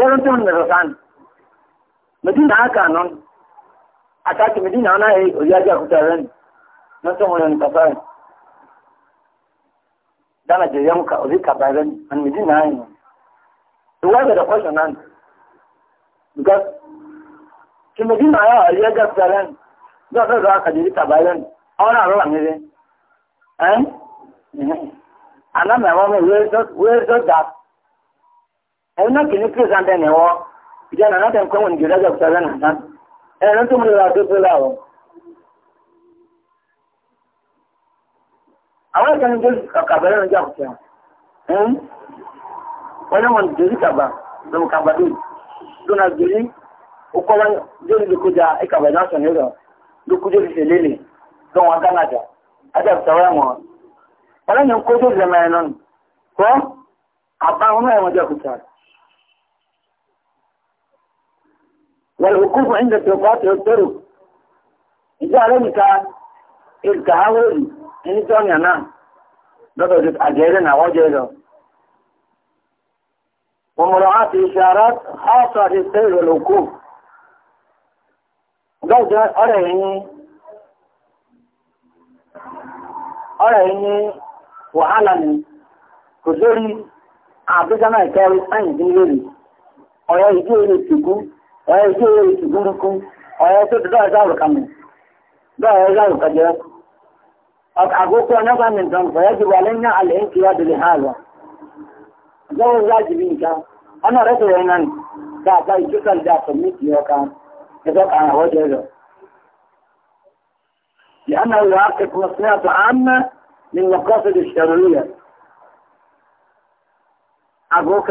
wọ́n tún nà sọ̀tàn medina aka nọ ataki medina anaghị oyi aja kuta ren na tún wọn kasa ren dana jere mu ka ozi kaba ren and medina anyị nọ the why the question na because ki medina ya oyi aja kuta ren dọ fẹ́ ka aka jere bayan ren ọrụ arụ amiri eh, eh. ana mẹ́wọ́n mi where is that ẹ̀rọ kìíní kírísà ń tẹ̀lé wọ́ ìjọ náà náà tẹ̀ ń kọ́ wọn ìjọba ìjọba ìjọba náà náà ẹ̀rọ tó múlò láti tó láwọ̀. àwọn ìkànnì tó kàkàbà lẹ́nu ìjà kùtà wọ́n náà wọn jòrí kàbà lọ́wọ́ kàbà dùn tó náà jòrí okọ́ wọn jòrí lókòjà ìkàbà náà sọ̀ nílò lókòjò fi ṣe lélẹ̀ lọ́wọ́ agánájà ajá kùtà wọ́n mọ̀ wọ́n náà ń kó tó zẹ̀mẹ̀ náà kọ́ àbáwọn náà wọ́n jẹ́ kùtà rẹ̀. والوقوف عند التوقات والطرق إذا لم التهاول إن توني أنا لقد أجيرنا وجيرنا ومراعاة إشارات خاصة للسير والوقوف قد أرهني أرهني وعلني كذوري أعطيك ما يكاوي أنت لي أو يجي لي أي شيء يقولكم أي شيء لا يزال كمل لا يزال كجرا أتعبوك نبع من ذنب فيجب علينا الانقياد لهذا جو الواجبين كان أنا رجل إنني da bai kikan da sami tiyoka da zaka a wajen da لأنه يعقد مصلحة عامة من مقاصد الشرعية أبوك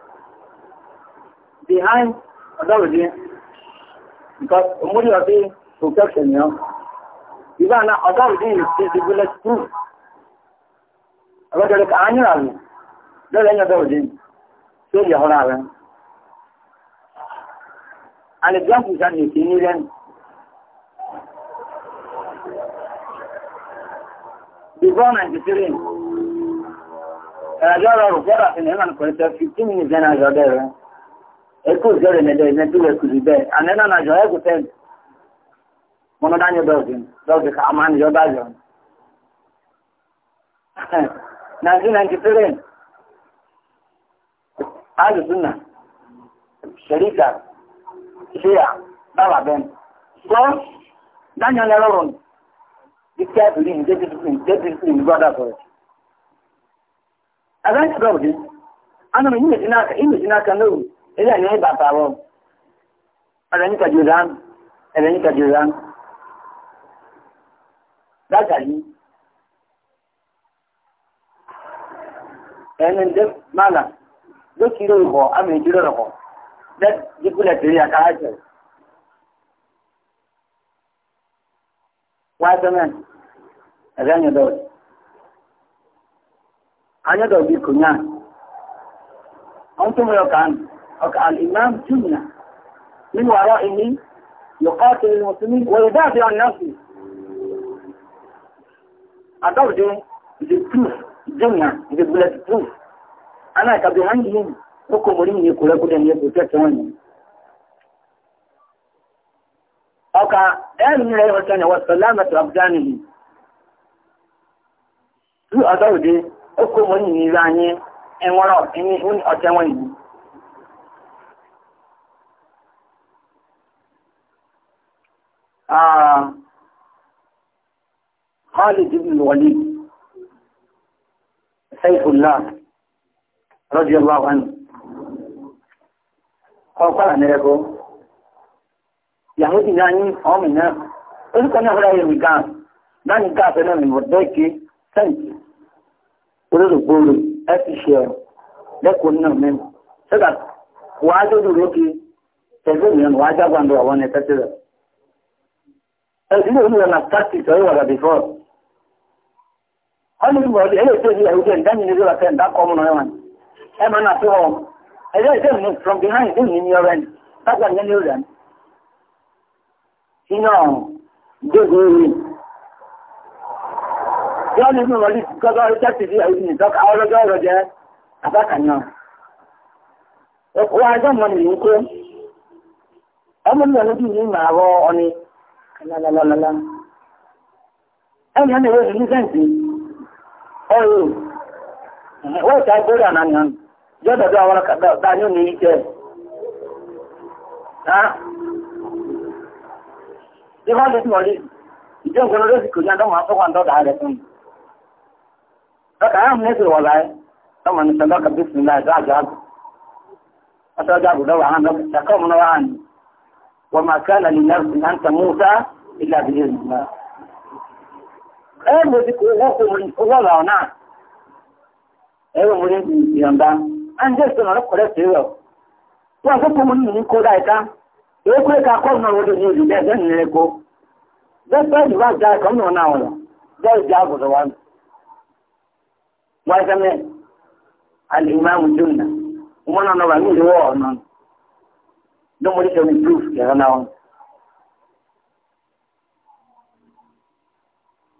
behind authority because Umuri was in protection, you know. Even authority is the bullet proof. About the annual, not any authority. So you hold on. And the jump is an Indian. Before 93, and I got a reporter in 15 minutes and I eku zere ne dai ne duwe ku dibe anena na jo ku ten mono da nyo dozi dozi ka aman jo da jo na zin an kitire alu sunna sharika shia baba ben so danyo le lorun ikia tuli ni jeji tuli ni jeji tuli ni brother for it agan ko dozi ana mi ni jinaka ilẹ̀ ní bàtà wọ̀ ẹ̀rẹ̀ ní kẹjù rán ẹ̀rẹ̀ ní kẹjù rán dájà yìí ẹni dẹ́ mọ́nà lókìrò ìwọ̀ àmì ìjírò rẹ̀ kọ̀ dẹ́ dípúlẹ̀ tèrè àkàrà jẹ̀ wáyé sẹ́mẹ̀ ẹ̀rẹ̀ ní dọ̀ anyadọ̀ bí kò nyá الإمام جنة من ورائه يقاتل المسلمين ويدافع عن نفسه أترجع بالتوف جنة بالبلاد التوف أنا كبهانهم hukum ulimi ni kule kule ni kutia tuone oka yani ni leo tena wa salama tu abdanihi tu adawde hukum ulimi ni zanye Khalid ibn al-Walid Saifullah radiyallahu anhu ọ̀pára ní ẹgbọ́ yàmúdì náà ní ọmọ náà orúkọ náà rẹ̀ yẹ̀ nìkan náà nìkan àfẹ́ náà nìmọ̀ dẹ́ẹ̀kì sẹ́ǹtì olóògbòrò ẹ̀fì ṣe ọ̀ lẹ́kọ̀ọ́ náà mẹ́rin sọ́dà wàá lórí rókè tẹ̀gbẹ́ mìíràn wàá jágbàndọ̀ àwọn ẹ̀fẹ́ tẹ̀rẹ̀ ilé ìlú ọ̀nà tàbí ìtọ́rí wà láti fọ́ ọ́nà ìgbà ọdí ẹlẹ́ ìtọ́jú ìyàwó jẹ́ ìdáni ní ìjọba fẹ́ǹdá kọmọ náà wọn ẹ from behind ìlú ní ọrẹ́ ní tágbà ní ẹni rẹ̀ iná gbogbo orí yọ́ ní ìlú wọlé gọ́gọ́ ọjọ́ ti di ìyàwó ajọ́ mọ́ nìyí kó ọmọ nílẹ̀ lójú ní ìmọ̀ àwọ̀ ọ̀ni lalalala ẹni ẹni wọ́n ní sẹ́ǹtì ọ̀rọ̀ wọ́n ta ìgbórí ànàyàn jọ́dọ̀ bí àwọn ọ̀dáyọ́ ní ìjẹ́ ìwọ́n lè fún ọ̀rí ìjọ́ ìgbórí ló sì kò ní àdọ́mọ̀ àtọ́wà ńdọ́dà rẹ̀ fún ọkà yà mú ẹsẹ̀ wọ̀lá ẹ̀ ọmọ nìkan lọ́kà bí fún ilá ẹ̀dọ́ àjọ àgbò وما كان لنفس أن تموت إلا بإذن الله ẹ̀rọ ti kò wọ́pọ̀ ọlọ́rọ̀ ọ̀nà ẹ̀rọ mo ní ìyọ̀nda ẹ̀ǹdẹ́ ìsọ̀nà ọ̀rẹ́kọ̀rẹ́ sí rẹ̀ wọ́n fọ́pọ̀ mo ní ìní kó dáìka èékú ẹ̀ka kọ́ọ̀nà ọdún ní ìlú bẹ́ẹ̀ bẹ́ẹ̀ nílẹ̀ don wani da reproof ya rana wani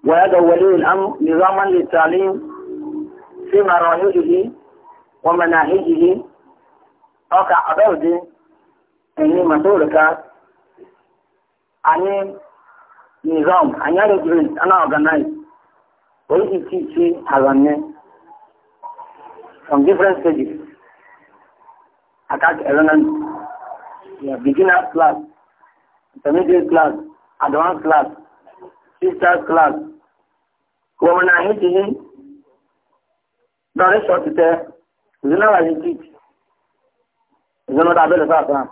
وهذا ولي الأمر نظاما للتعليم في مراحله ومناهجه أوقع أبعد أني مسؤولك عن نظام عن رجل أنا أغنائي ويجي تيجي أغنائي from different stages. أكاد أغنائي yeah, beginner class, intermediate class, advanced class, sisters class. Wọ́n náà yìí ti yí lọ́rí ṣọ́ ti tẹ́ ìdúná wà ní kíkì ìdúná tó abẹ́lẹ̀ sáà sáà.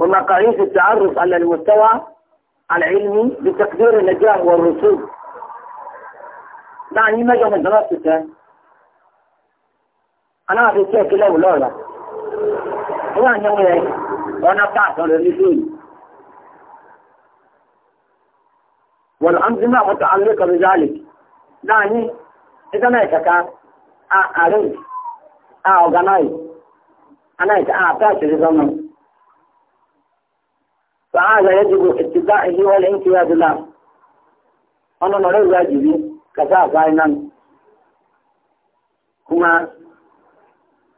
ومقاييس التعرف على المستوى العلمي بتقدير النجاح والرسوب. يعني ما جمع دراسته aláwọ̀ tó tẹ́ ìpínlẹ̀ wò lọ́ọ̀rọ̀ ó wà ní ọ̀rẹ́ ọ̀nà pàtàkì lórí fíìmù wọ̀n àmì náà mọ́ta alẹ́kọ̀ọ́ bí záàlì náà ní ìtọ́nà ìkàkà àọ̀gánáì anáìkà àtàkì rí sọ́nà فهذا يجب اتباعه والانقياد له أنا نرى واجبي كذا فاينا كما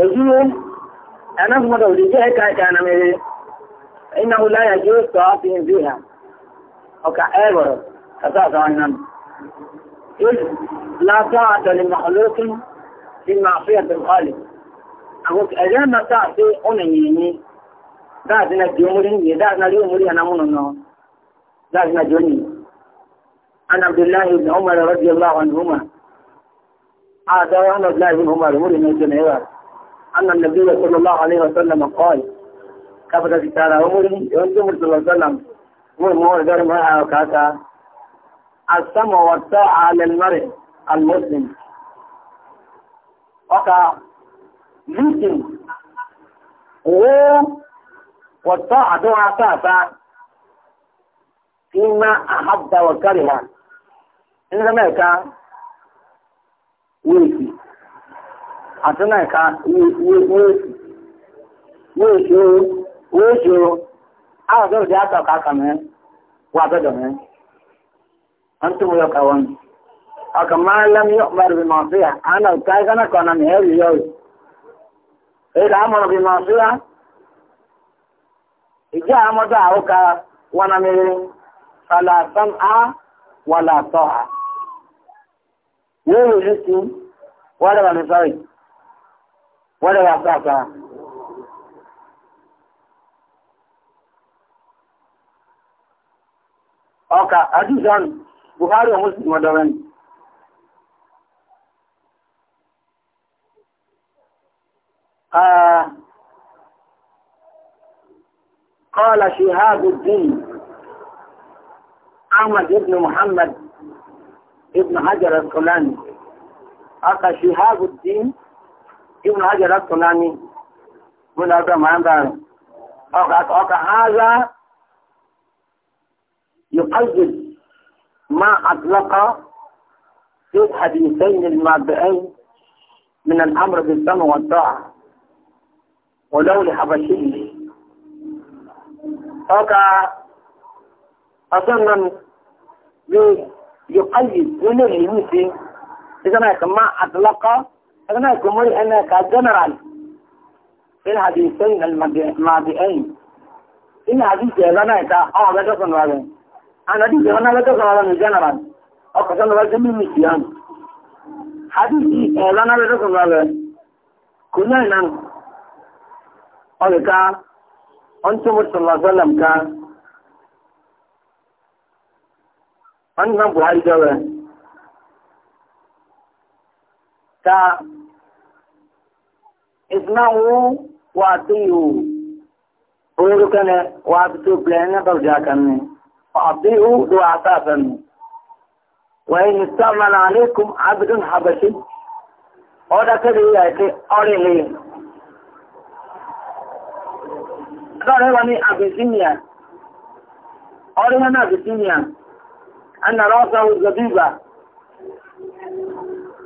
يجوز أن أفضل رجعك كان ملي إنه لا يجوز تعاطيهم فيها وكأبر أساس عنهم إذ لا طاعة لمخلوق في معصية الخالق أقول أجل ما تعطي أنيني ذاتنا الجمهوري ذاتنا الجمهوري أنا منه ذاتنا جوني عن عبد الله بن عمر رضي الله عنهما هذا عن عبد الله بن عمر مرنا الجمهوري أن النبي صلى الله عليه وسلم قال كفر في تعالى عمري يوم صلى الله عليه وسلم مر مر ما وكاتا السمع والطاعة على المرء المسلم وكا يمكن هو والطاعة دعاء طاعة فيما أحب وكره إنما كان ويكي atụnaịka wee jụrụ atọ ka aka mee wabedo mee antum yau kawan aka malam yau bar bi masiya ana kai kana kana ne yau yau eh da amara bi masiya ija amada auka wana ahụ fala sam'a wala ta'a yau yau wala ba ne sai ولا يعطاك اوكا حديثان بخاري ومسلم ودوين آه، قال شهاب الدين احمد بن محمد ابن حجر الكلاني اقا شهاب الدين ابن حجر الطلاني من أربع هذا يقيد ما أطلق في الحديثين المابعين من الأمر بالسمع والطاعة ولو لحبشي أوقع أصلا يقيد من الهيوسي إذا ما أطلق أنا الجمهوري أنا كجنرال في الحديثين الماضيين إن حديث أنا كا أه بس أنا دي جلنا أنا بس أنا جنرال أو كسان بس من ميسيان حديث أنا بس أنا كنا نن أو كا أنتم صلى الله عليه وسلم كا أنتم بهاي جواه ta wa ati'u oyo kana wa plan na ne wa ati'u wa in istamala alaikum abdun habashi oda kare ya ore ne kare wani abisinia ore wani abisinia anna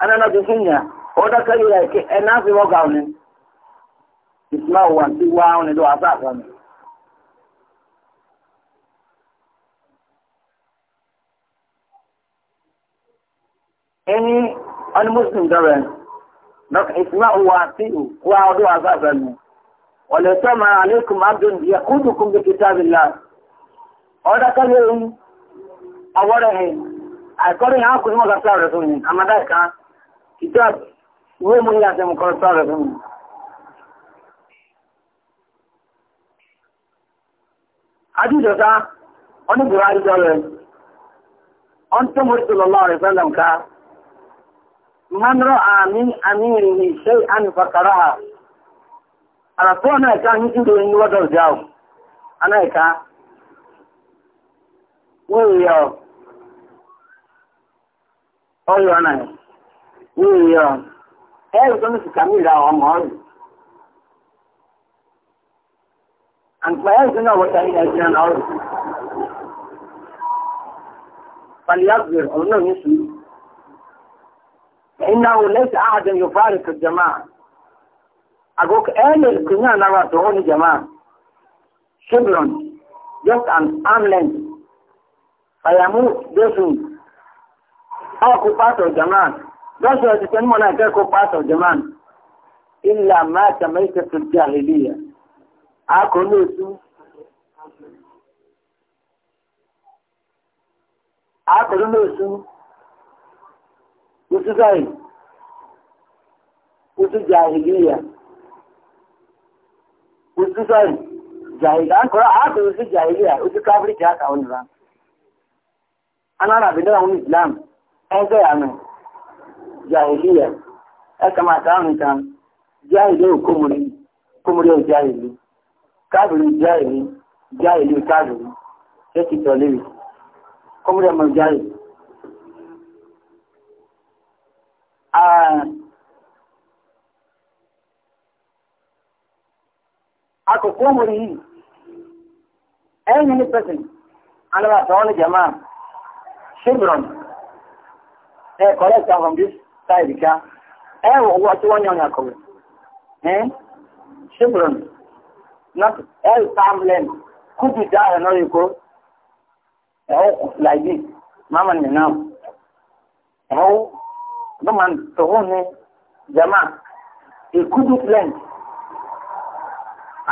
ana na ti sunya oda kari ya ke ena fi wo gaunin isma wa ti wa on do asa kan any an muslim garan nok isma wa ti wa do asa kan wala sama alaikum abdun yaqudukum bi kitabillah oda kari awara he akọrin ha kò ní mọ̀ ká sáà rẹ̀ sóyìn àmàdá ìkan kitab ìwé múlẹ̀ àti mọ̀kọ́ sọ́rọ̀ fún mi. Adújọta, ọdún Buhari jọrọ ọdún tó mọ̀ sí lọ́lọ́ rẹ̀ sọ́lọ̀ ká. Mọ́nrọ̀ àmì àmìrì ní ṣe ànìfàkàrà ha. Àràfọ́ náà ká ní ìdò ní wọ́dọ̀ jáù, anáìká. Wọ́n yọ ọyọ náà ní ìyọ̀ ẹ̀rù tó ní sìkà mí ra ọmọ rẹ̀. àǹfà ẹ̀rù tó náà wọ́ta ní ẹ̀jẹ̀ náà rẹ̀. فليصبر أو أنه يسلم فإنه ليس أحد يفارق الجماعة أقولك أين القناة نرى تعون جماعة شبر just an arm length فيموت دسم أو كفاته جماعة lọ́sọ̀ ìṣẹ́ mọ́ náà kẹ́kọ̀ọ́ pàṣọ german ilà máa tàmẹ́sẹ̀ tó jẹ́ àlèlíyà akọ̀lóòtú akọ̀lóòtú òtútọ́ì òtújà àlèlíyà òtútọ́ì jàìlá akọ̀rọ̀ akọ̀lóòtú sí jàìlíyà òtú káfíríkì àkàwọn ìlànà anára àbìdára àwọn ìsìlámù ẹgbẹ́ àmì jahiliya ya kamata ahun kan jahiliya kumuri kumuri jahili kafiri jahili jahili kafiri ya ki toliri kumuri mai jahili a akoko muri yi ẹni ni pẹsin alaba tọwọle jama shibron eh, correct them from this side ka eh what one young come eh children not all family could be there no you go eh oh, like this mama ni now eh oh, no man to one eh? jama e kudu plan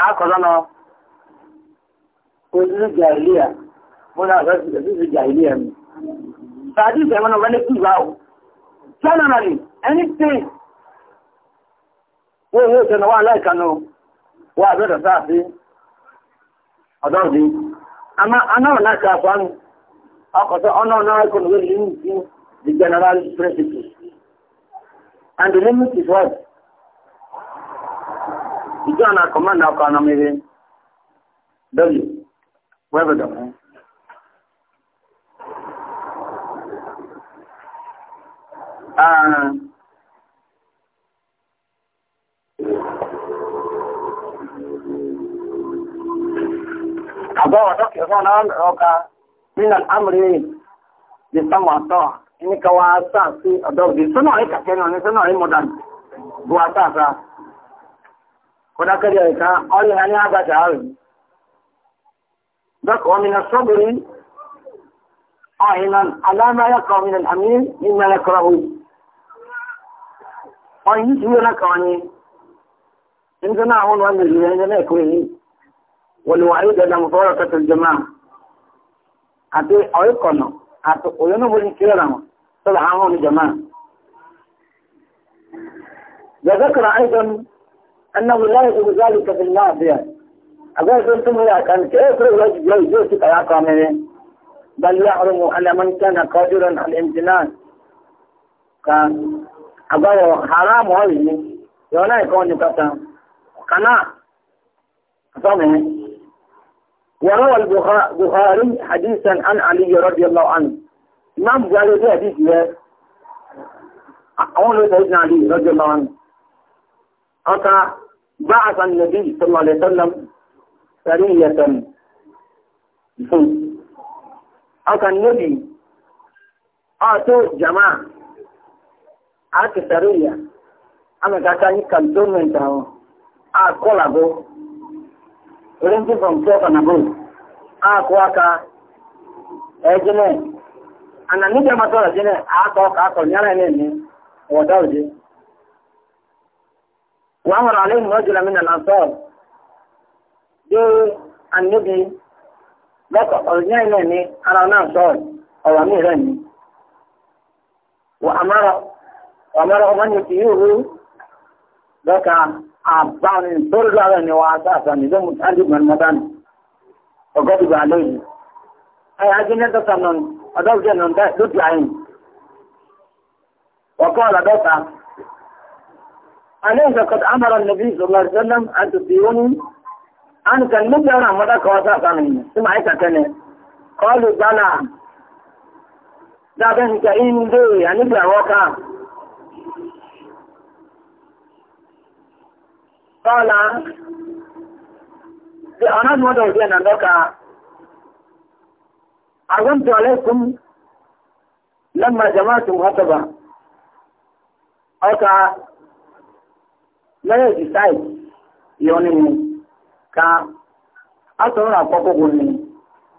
a ko no ko ni jahiliya muna ga su jahiliya ne sadi zaman wani kuwa generally anything wey yóò tẹ̀lé wà láìkànnà wà bẹ̀rẹ̀ sáàfí ọ̀dọ́dí anáwọ̀ láti àfáàmù ọkọ̀tọ̀ ọ̀nà ọ̀nà ẹkùnrin lórí ní the general principle and the limit is what ìjọ́ ọ̀nà command ọkọ̀ ọ̀nà mẹ́rin w wẹ́bẹ̀dọ̀ ààrùn ah. àbọ̀wọ̀ tọ́kì fún ọ̀nà ọ̀ka nínú àmìrí di sánwà tọ́ ní kọwa sáà sí ọ̀dọ́ òbí sọ́nà rí kàkẹ́ náà ní sọ́nà rí mọ́dàn buwa sáàsá kọ́dákẹ́rẹ́ ẹ̀ka ọ̀rìn ní àgbàjà rẹ̀ dọ́kọ̀ ọmọ sọ́bìnrin ọ̀hìnà alámáyàkọ̀ ọmọ àmì nínú ẹ̀kọ́rọ̀ ọ̀yìn ìṣúwé náà kàn ní nígbà náà wọn wọn lè lè ní ẹ̀kọ́ yìí wọ́n lè wà ayé dada mọ̀ fọ́rọ̀ kẹtẹ̀ jẹma àti ọ̀yẹ́ àti òyìn wọ́n ní kíra wọn sọ́dọ̀ àwọn ọmọ jẹma. وذكر أيضا أنه لا يجب ذلك في النافية أقول أنتم يا كان كيف يجب يجب يا قامين بل يحرم على من كان كان ambao haramu hawi yaona ikawa ni kata kana asome وروى البخاري حديثا عن علي رضي الله عنه امام قال في حديث له قول سيدنا علي رضي الله عنه أتى بعث النبي صلى الله عليه وسلم سرية أتى النبي أتوا جماعة a ti taro ya ama ka ta ni cantonment ahụ a kọlabụ ranging from twelve and above a kụ aka ejene ana n'ibi amatọla jene a kọ ka akọ nyara na-eme wọda ụdị وعمر عليهم رجلا من الأنصار دي النبي لك أرجعنا أنا أنصار أو أميرني وأمر ọmọdé ọmọ ní kìí rú lọ́ka àbáwọn ìtòrò lọ́rọ̀ ni wọ́n sáàsà ní ló mú sáàdì mọ̀lmọ́dán ọgọ́dùgbà lóyìn ẹ̀yà ajínẹ́ dọ́ta nọ ọdọ́gbẹ́ nọ lójú ayé ọkọ́ ọ̀làdọ́ta alẹ́ ìjọkọ̀tà amọ̀rọ̀ nàbí ìṣòlá ìṣẹ́lẹ̀m àti tìrónì àni kan níbi ọ̀rọ̀ àmọ́dá kan wọ́n sáàsà nì sí máa ìkà tẹ́lẹ̀ kọ́ọ̀lù قال أنا أريد أن أقول أغمت عليكم لما جمعتم غضبا أو كا لا يجساي يوني كا أصلا فوقو قلني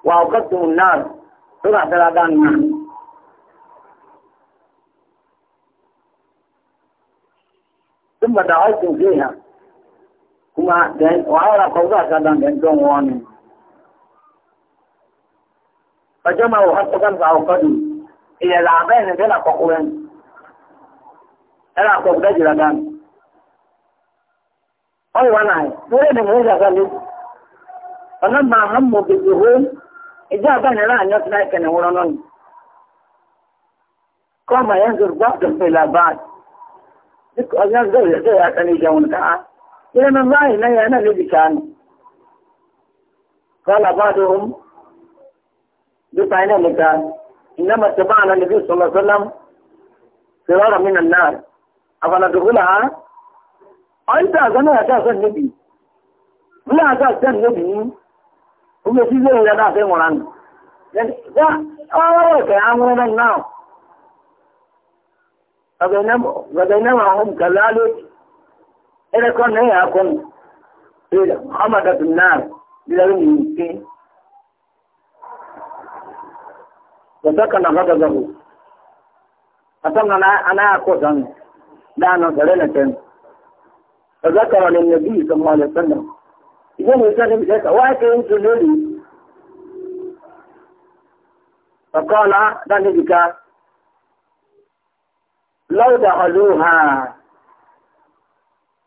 وأوقفتم النار سبع ثلاثان معنا ثم دعوتم فيها kuma dan wa'ara kawza ka dan don wani fajama wa hatta kan fa qadu ila la'ban dana ko kuran ala jira dan ai wana dole ne mu da gani wannan ma hammu bi zuhum idza kana la an yasna kana wuranon yanzu ba'd ila ba'd duk zai ya لأن الله لا أنا الذي كان قال بعضهم بطعنا لك إنما اتبعنا النبي صلى الله عليه وسلم فرارا من النار أفلا دخلها أنت أغنى أساس النبي لا أساس النبي هم يسيزون إلى ناس يمران يعني لا أولك أمرنا النار وبينما هم كذلك ẹnì kan ní àkọ́ ní náà dídáwó ní ìpé bọ̀tọ́kà náà bọ́dọ̀dọ̀bọ̀ àtọ́nà anáyàkọ́ sọ́nù dáná sọ̀rẹ́ nìkan فذكر للنبي صلى الله عليه وسلم يقول الإنسان بذلك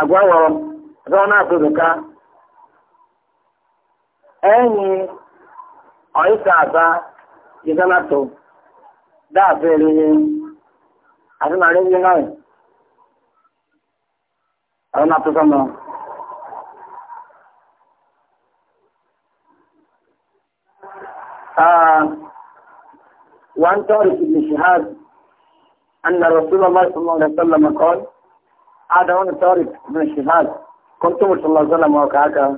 agwawo zona abuduka enyi oisa aba jigana to da fere ati ma re yin nai ọ̀nà tó sọmọ وعن طارق بن أن رسول الله صلى الله عليه وسلم قال هذا هو طارق بن الشهاد كنت صلى الله عليه وسلم وكعك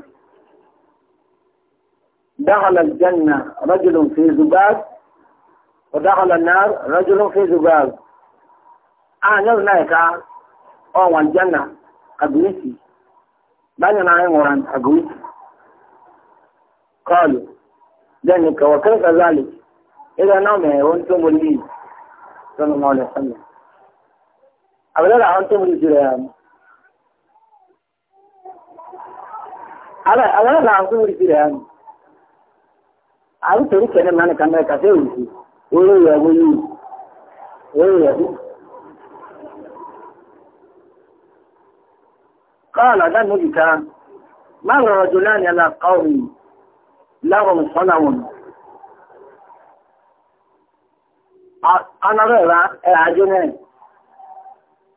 دخل الجنة رجل في ذباب ودخل النار رجل في ذباب أنا هناك أو الجنة أقويتي بني معي نعم، مران أقويتي قالوا ذلك وكيف ذلك إذا نومي وانتم لي صلى الله عليه وسلم abẹ́lẹ́rẹ́ àwọn tó múlù jùlọ yàmù abẹ́lẹ́rẹ́ àwọn tó múlù jùlọ yàmù àwọn torí kẹ́lẹ́ mọ́ni kan mẹ́ka sí òwúrọ̀ orí ìyàwó yìí orí ìyàwó قال ذنبك ما الرجلان على قوم لهم صنم أنا رأى أعجنين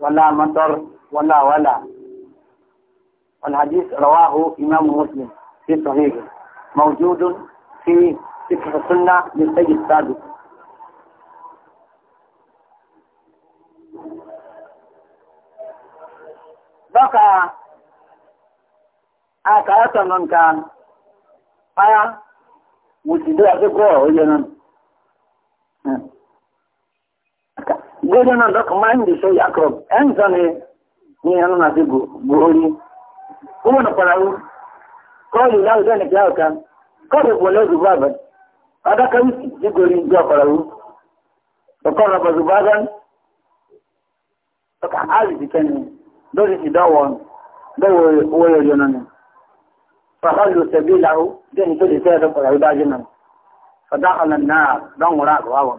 ولا مطر ولا ولا والحديث رواه إمام مسلم في صحيحه موجود في فكر السنة للسيد السادس بقى أكاتا من كان أيا وجدوا أكبر وجنان wọ́n náà dọ́kọ̀ máa ń dì sọ yakob ẹ̀ǹsọ́ ni ní ẹnu náà sí gbòórí wọ́n náà pàrọwọ́ kọ́ọ̀lù láwùjọ nìkẹ́ ọ̀kan kọ́ọ̀lù pọ̀lẹ́ òdùbọ̀ àbẹ̀ adaka wíìsì sí gorí ìjọ pàrọwọ́ ọkọ̀ ọ̀nà pọ̀jù bá dán ọkà áàrìsì kẹ́ni lórí ti dọ́wọ́ dọ́wọ́ owó yọ̀yọ̀ náà fàkàlù sẹ̀bí làwù jẹ́ni tó lè fẹ́ẹ́ dọ́kọ̀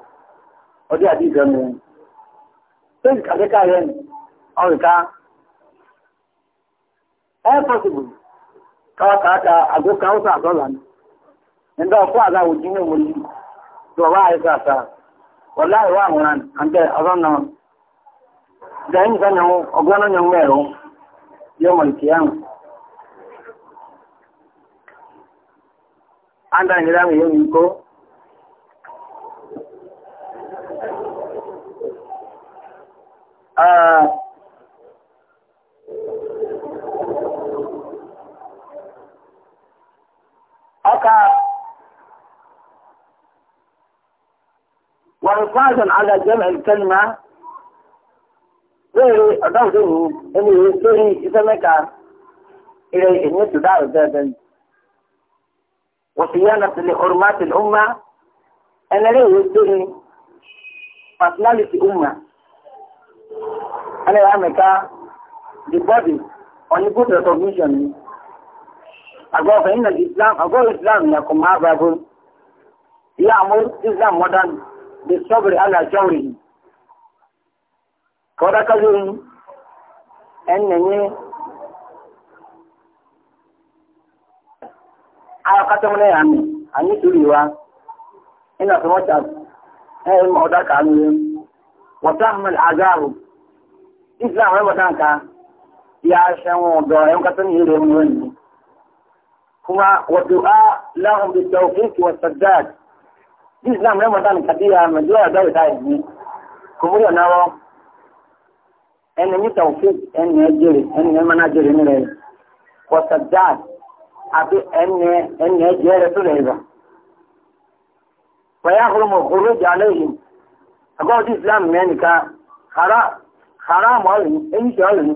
ọdí àdíjẹ mú ka ìkàdékà rẹ ọ̀rìká ẹ pọ́sibù káwàkàáta àgbókà ó sàtọ́là ní ẹ̀ndọ́ ọkọ́ àdáwò jí ní òmòlì nke nyere ihe آه أتى وحفاظا على جمع الكلمة غير إيه، ضغطه أنه يستوي سمكة إلى أن يتدعى زادا وصيانة لحرمات الأمة أنا لا يستوي personality أمة and then America, the body on the good recognition. Ago fa inna Islam, ago Islam na kuma babu. Ya amur Islam modern da sabri ala jawrihi. Ko da kazo yin en ne ne a kata mun ya mi, an turiwa. Ina kuma ta eh mu da kanu. Wa tahmal azabu islam rẹ̀ bọ̀tán ka ya ṣẹ́wọ̀n ọ̀dọ̀ ẹ̀wọ̀n kátó ní ilé wọn ni a lahun bi tawfiq wa saddad islam rẹ̀ bọ̀tán ka ti ya majuwa da ta yi kuma yau na ẹni ní tawfiq ẹni ẹ jèrè ẹni ẹ mana jèrè ní rẹ̀ wa saddad àti ẹni ẹni ẹ jẹ́ rẹ̀ tó rẹ̀ rà wọ́n yà kúrò mọ̀ kúrò islam mẹ́nìkan haram haram alani anything alani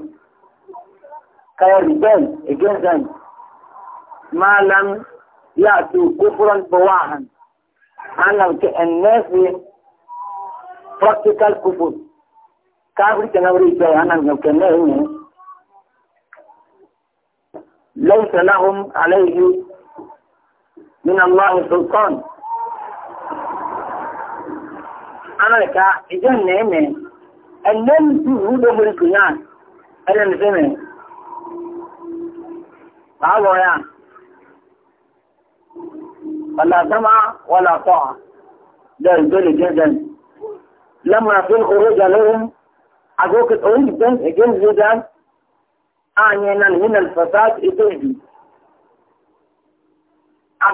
kaya rebel against them ma lam ya'tu kufran bawahan ana ke annafi practical kufur kafir kana wuri jaya ana ke annafi ليس لهم عليه من الله سلطان أنا لك إذن نعمة ẹ̀nẹ́ni tí ìlú tó borí kò yàn ẹ̀yẹ́ ní sẹ́mi báwọ̀ yà wàlá sámá wàlá tọ́ bẹ́ẹ̀ ìgbélé jẹ́jẹ́ lẹ́mọ̀ràn fún orójà lóhun àgókè orí ìgbẹ́ ẹ̀gẹ́ ní jẹ́jẹ́ ààyè náà nìyí nà fasad ètò ìdì as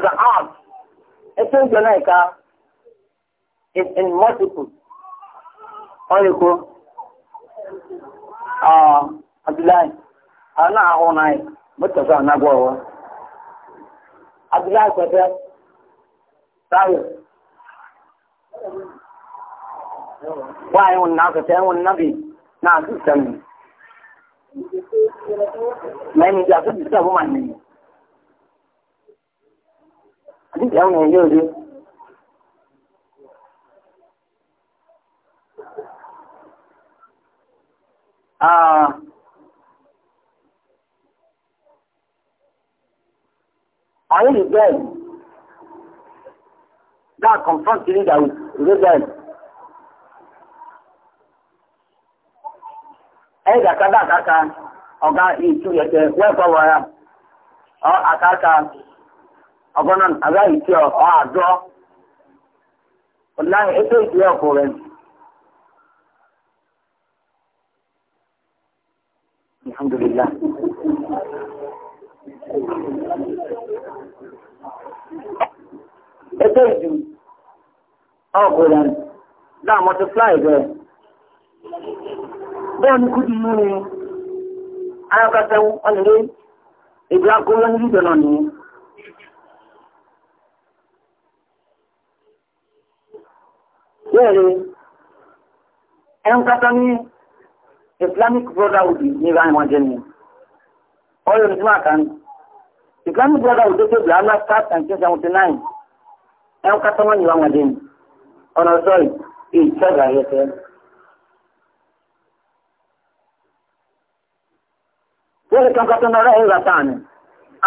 a ah, abdullahi ana ahụ na anyị mụtasa na gwa ọwa abdullahi kwete tayo wáyé na akwete wọn nabi na asista mi mẹni tí a tó ti sábọ mà nìyí àti ìyá wọn yóò Anyị ah. I will rebel. God confronted it, I will rebel. aka kàkà dá kàkà ọ̀gá ìtú yẹ̀kẹ̀ wẹ́ẹ̀kọ́ wọ̀ọ́yà ọ̀ الحمد لله èkejì ọkùnrin náà multiply bẹ́ẹ̀ bẹ́ẹ̀ ní kúrò ní ayọ́kẹta ọ̀nìyàn ìgbé akóró ní ìjọ náà nìyí bẹ́ẹ̀ rí ẹnkátá ní Islamic Brotherhood n'ebe anyị nwaje nne. Ọ yọrọ Islamic Brotherhood dị tebụl ala start 1979. Ẹn kata nwaje on Ọ nọ sọrị, ee, yes ya ete. Wọ́n kàn kata nọrọ ẹ̀rọ taa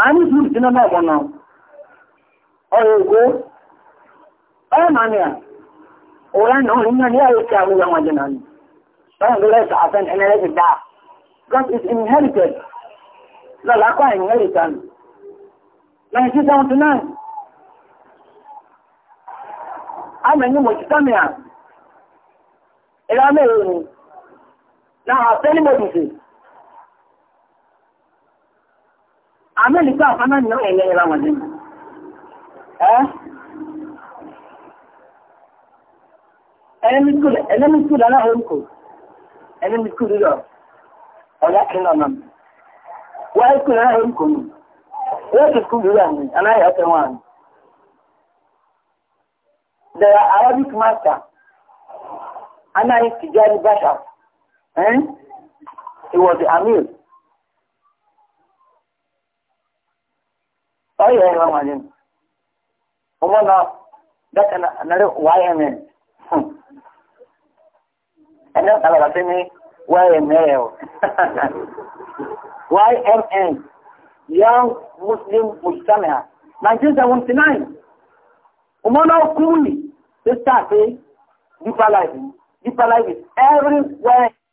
Anyị fi ìdí nọ n'ọgbọ nọ. Ọ yọ ògo. Ọ a. Ụra nọ a ya nwaje báyọ̀ ló lẹ́sọ̀ àtẹn ẹni dáa God is inherited lọ́la inheritance nineteen seventy nine amẹ̀ni mọ̀títọ́mìà ìlànà àfánà ní ẹ̀yẹ ìlànà ẹ́ ẹlẹ́mìtìlẹ̀ ẹlẹ́mìtìlẹ̀ aláhọ́rùkọ̀ọ́ ẹni mi kú lílọ ọ̀yá kìnnà nà mí wọ́n á kú náà ẹ̀rí kò ní wọ́n ti kú lílọ mi anáyà ọ̀tẹ̀ wọn àná. There are Arabic master Anayi Tijani Basha. Eh? He was the Amir. Ọ̀yẹ̀ ẹ̀rọ wọn ni. Ọmọ náà dákẹ́ náà wáyé mẹ́rin ẹni ọ̀tá bàbá tó ní yml ymn young muslim mujtama 1979. seventy nine ọmọdé kúrú ní sísá pé life deeper life is everywhere.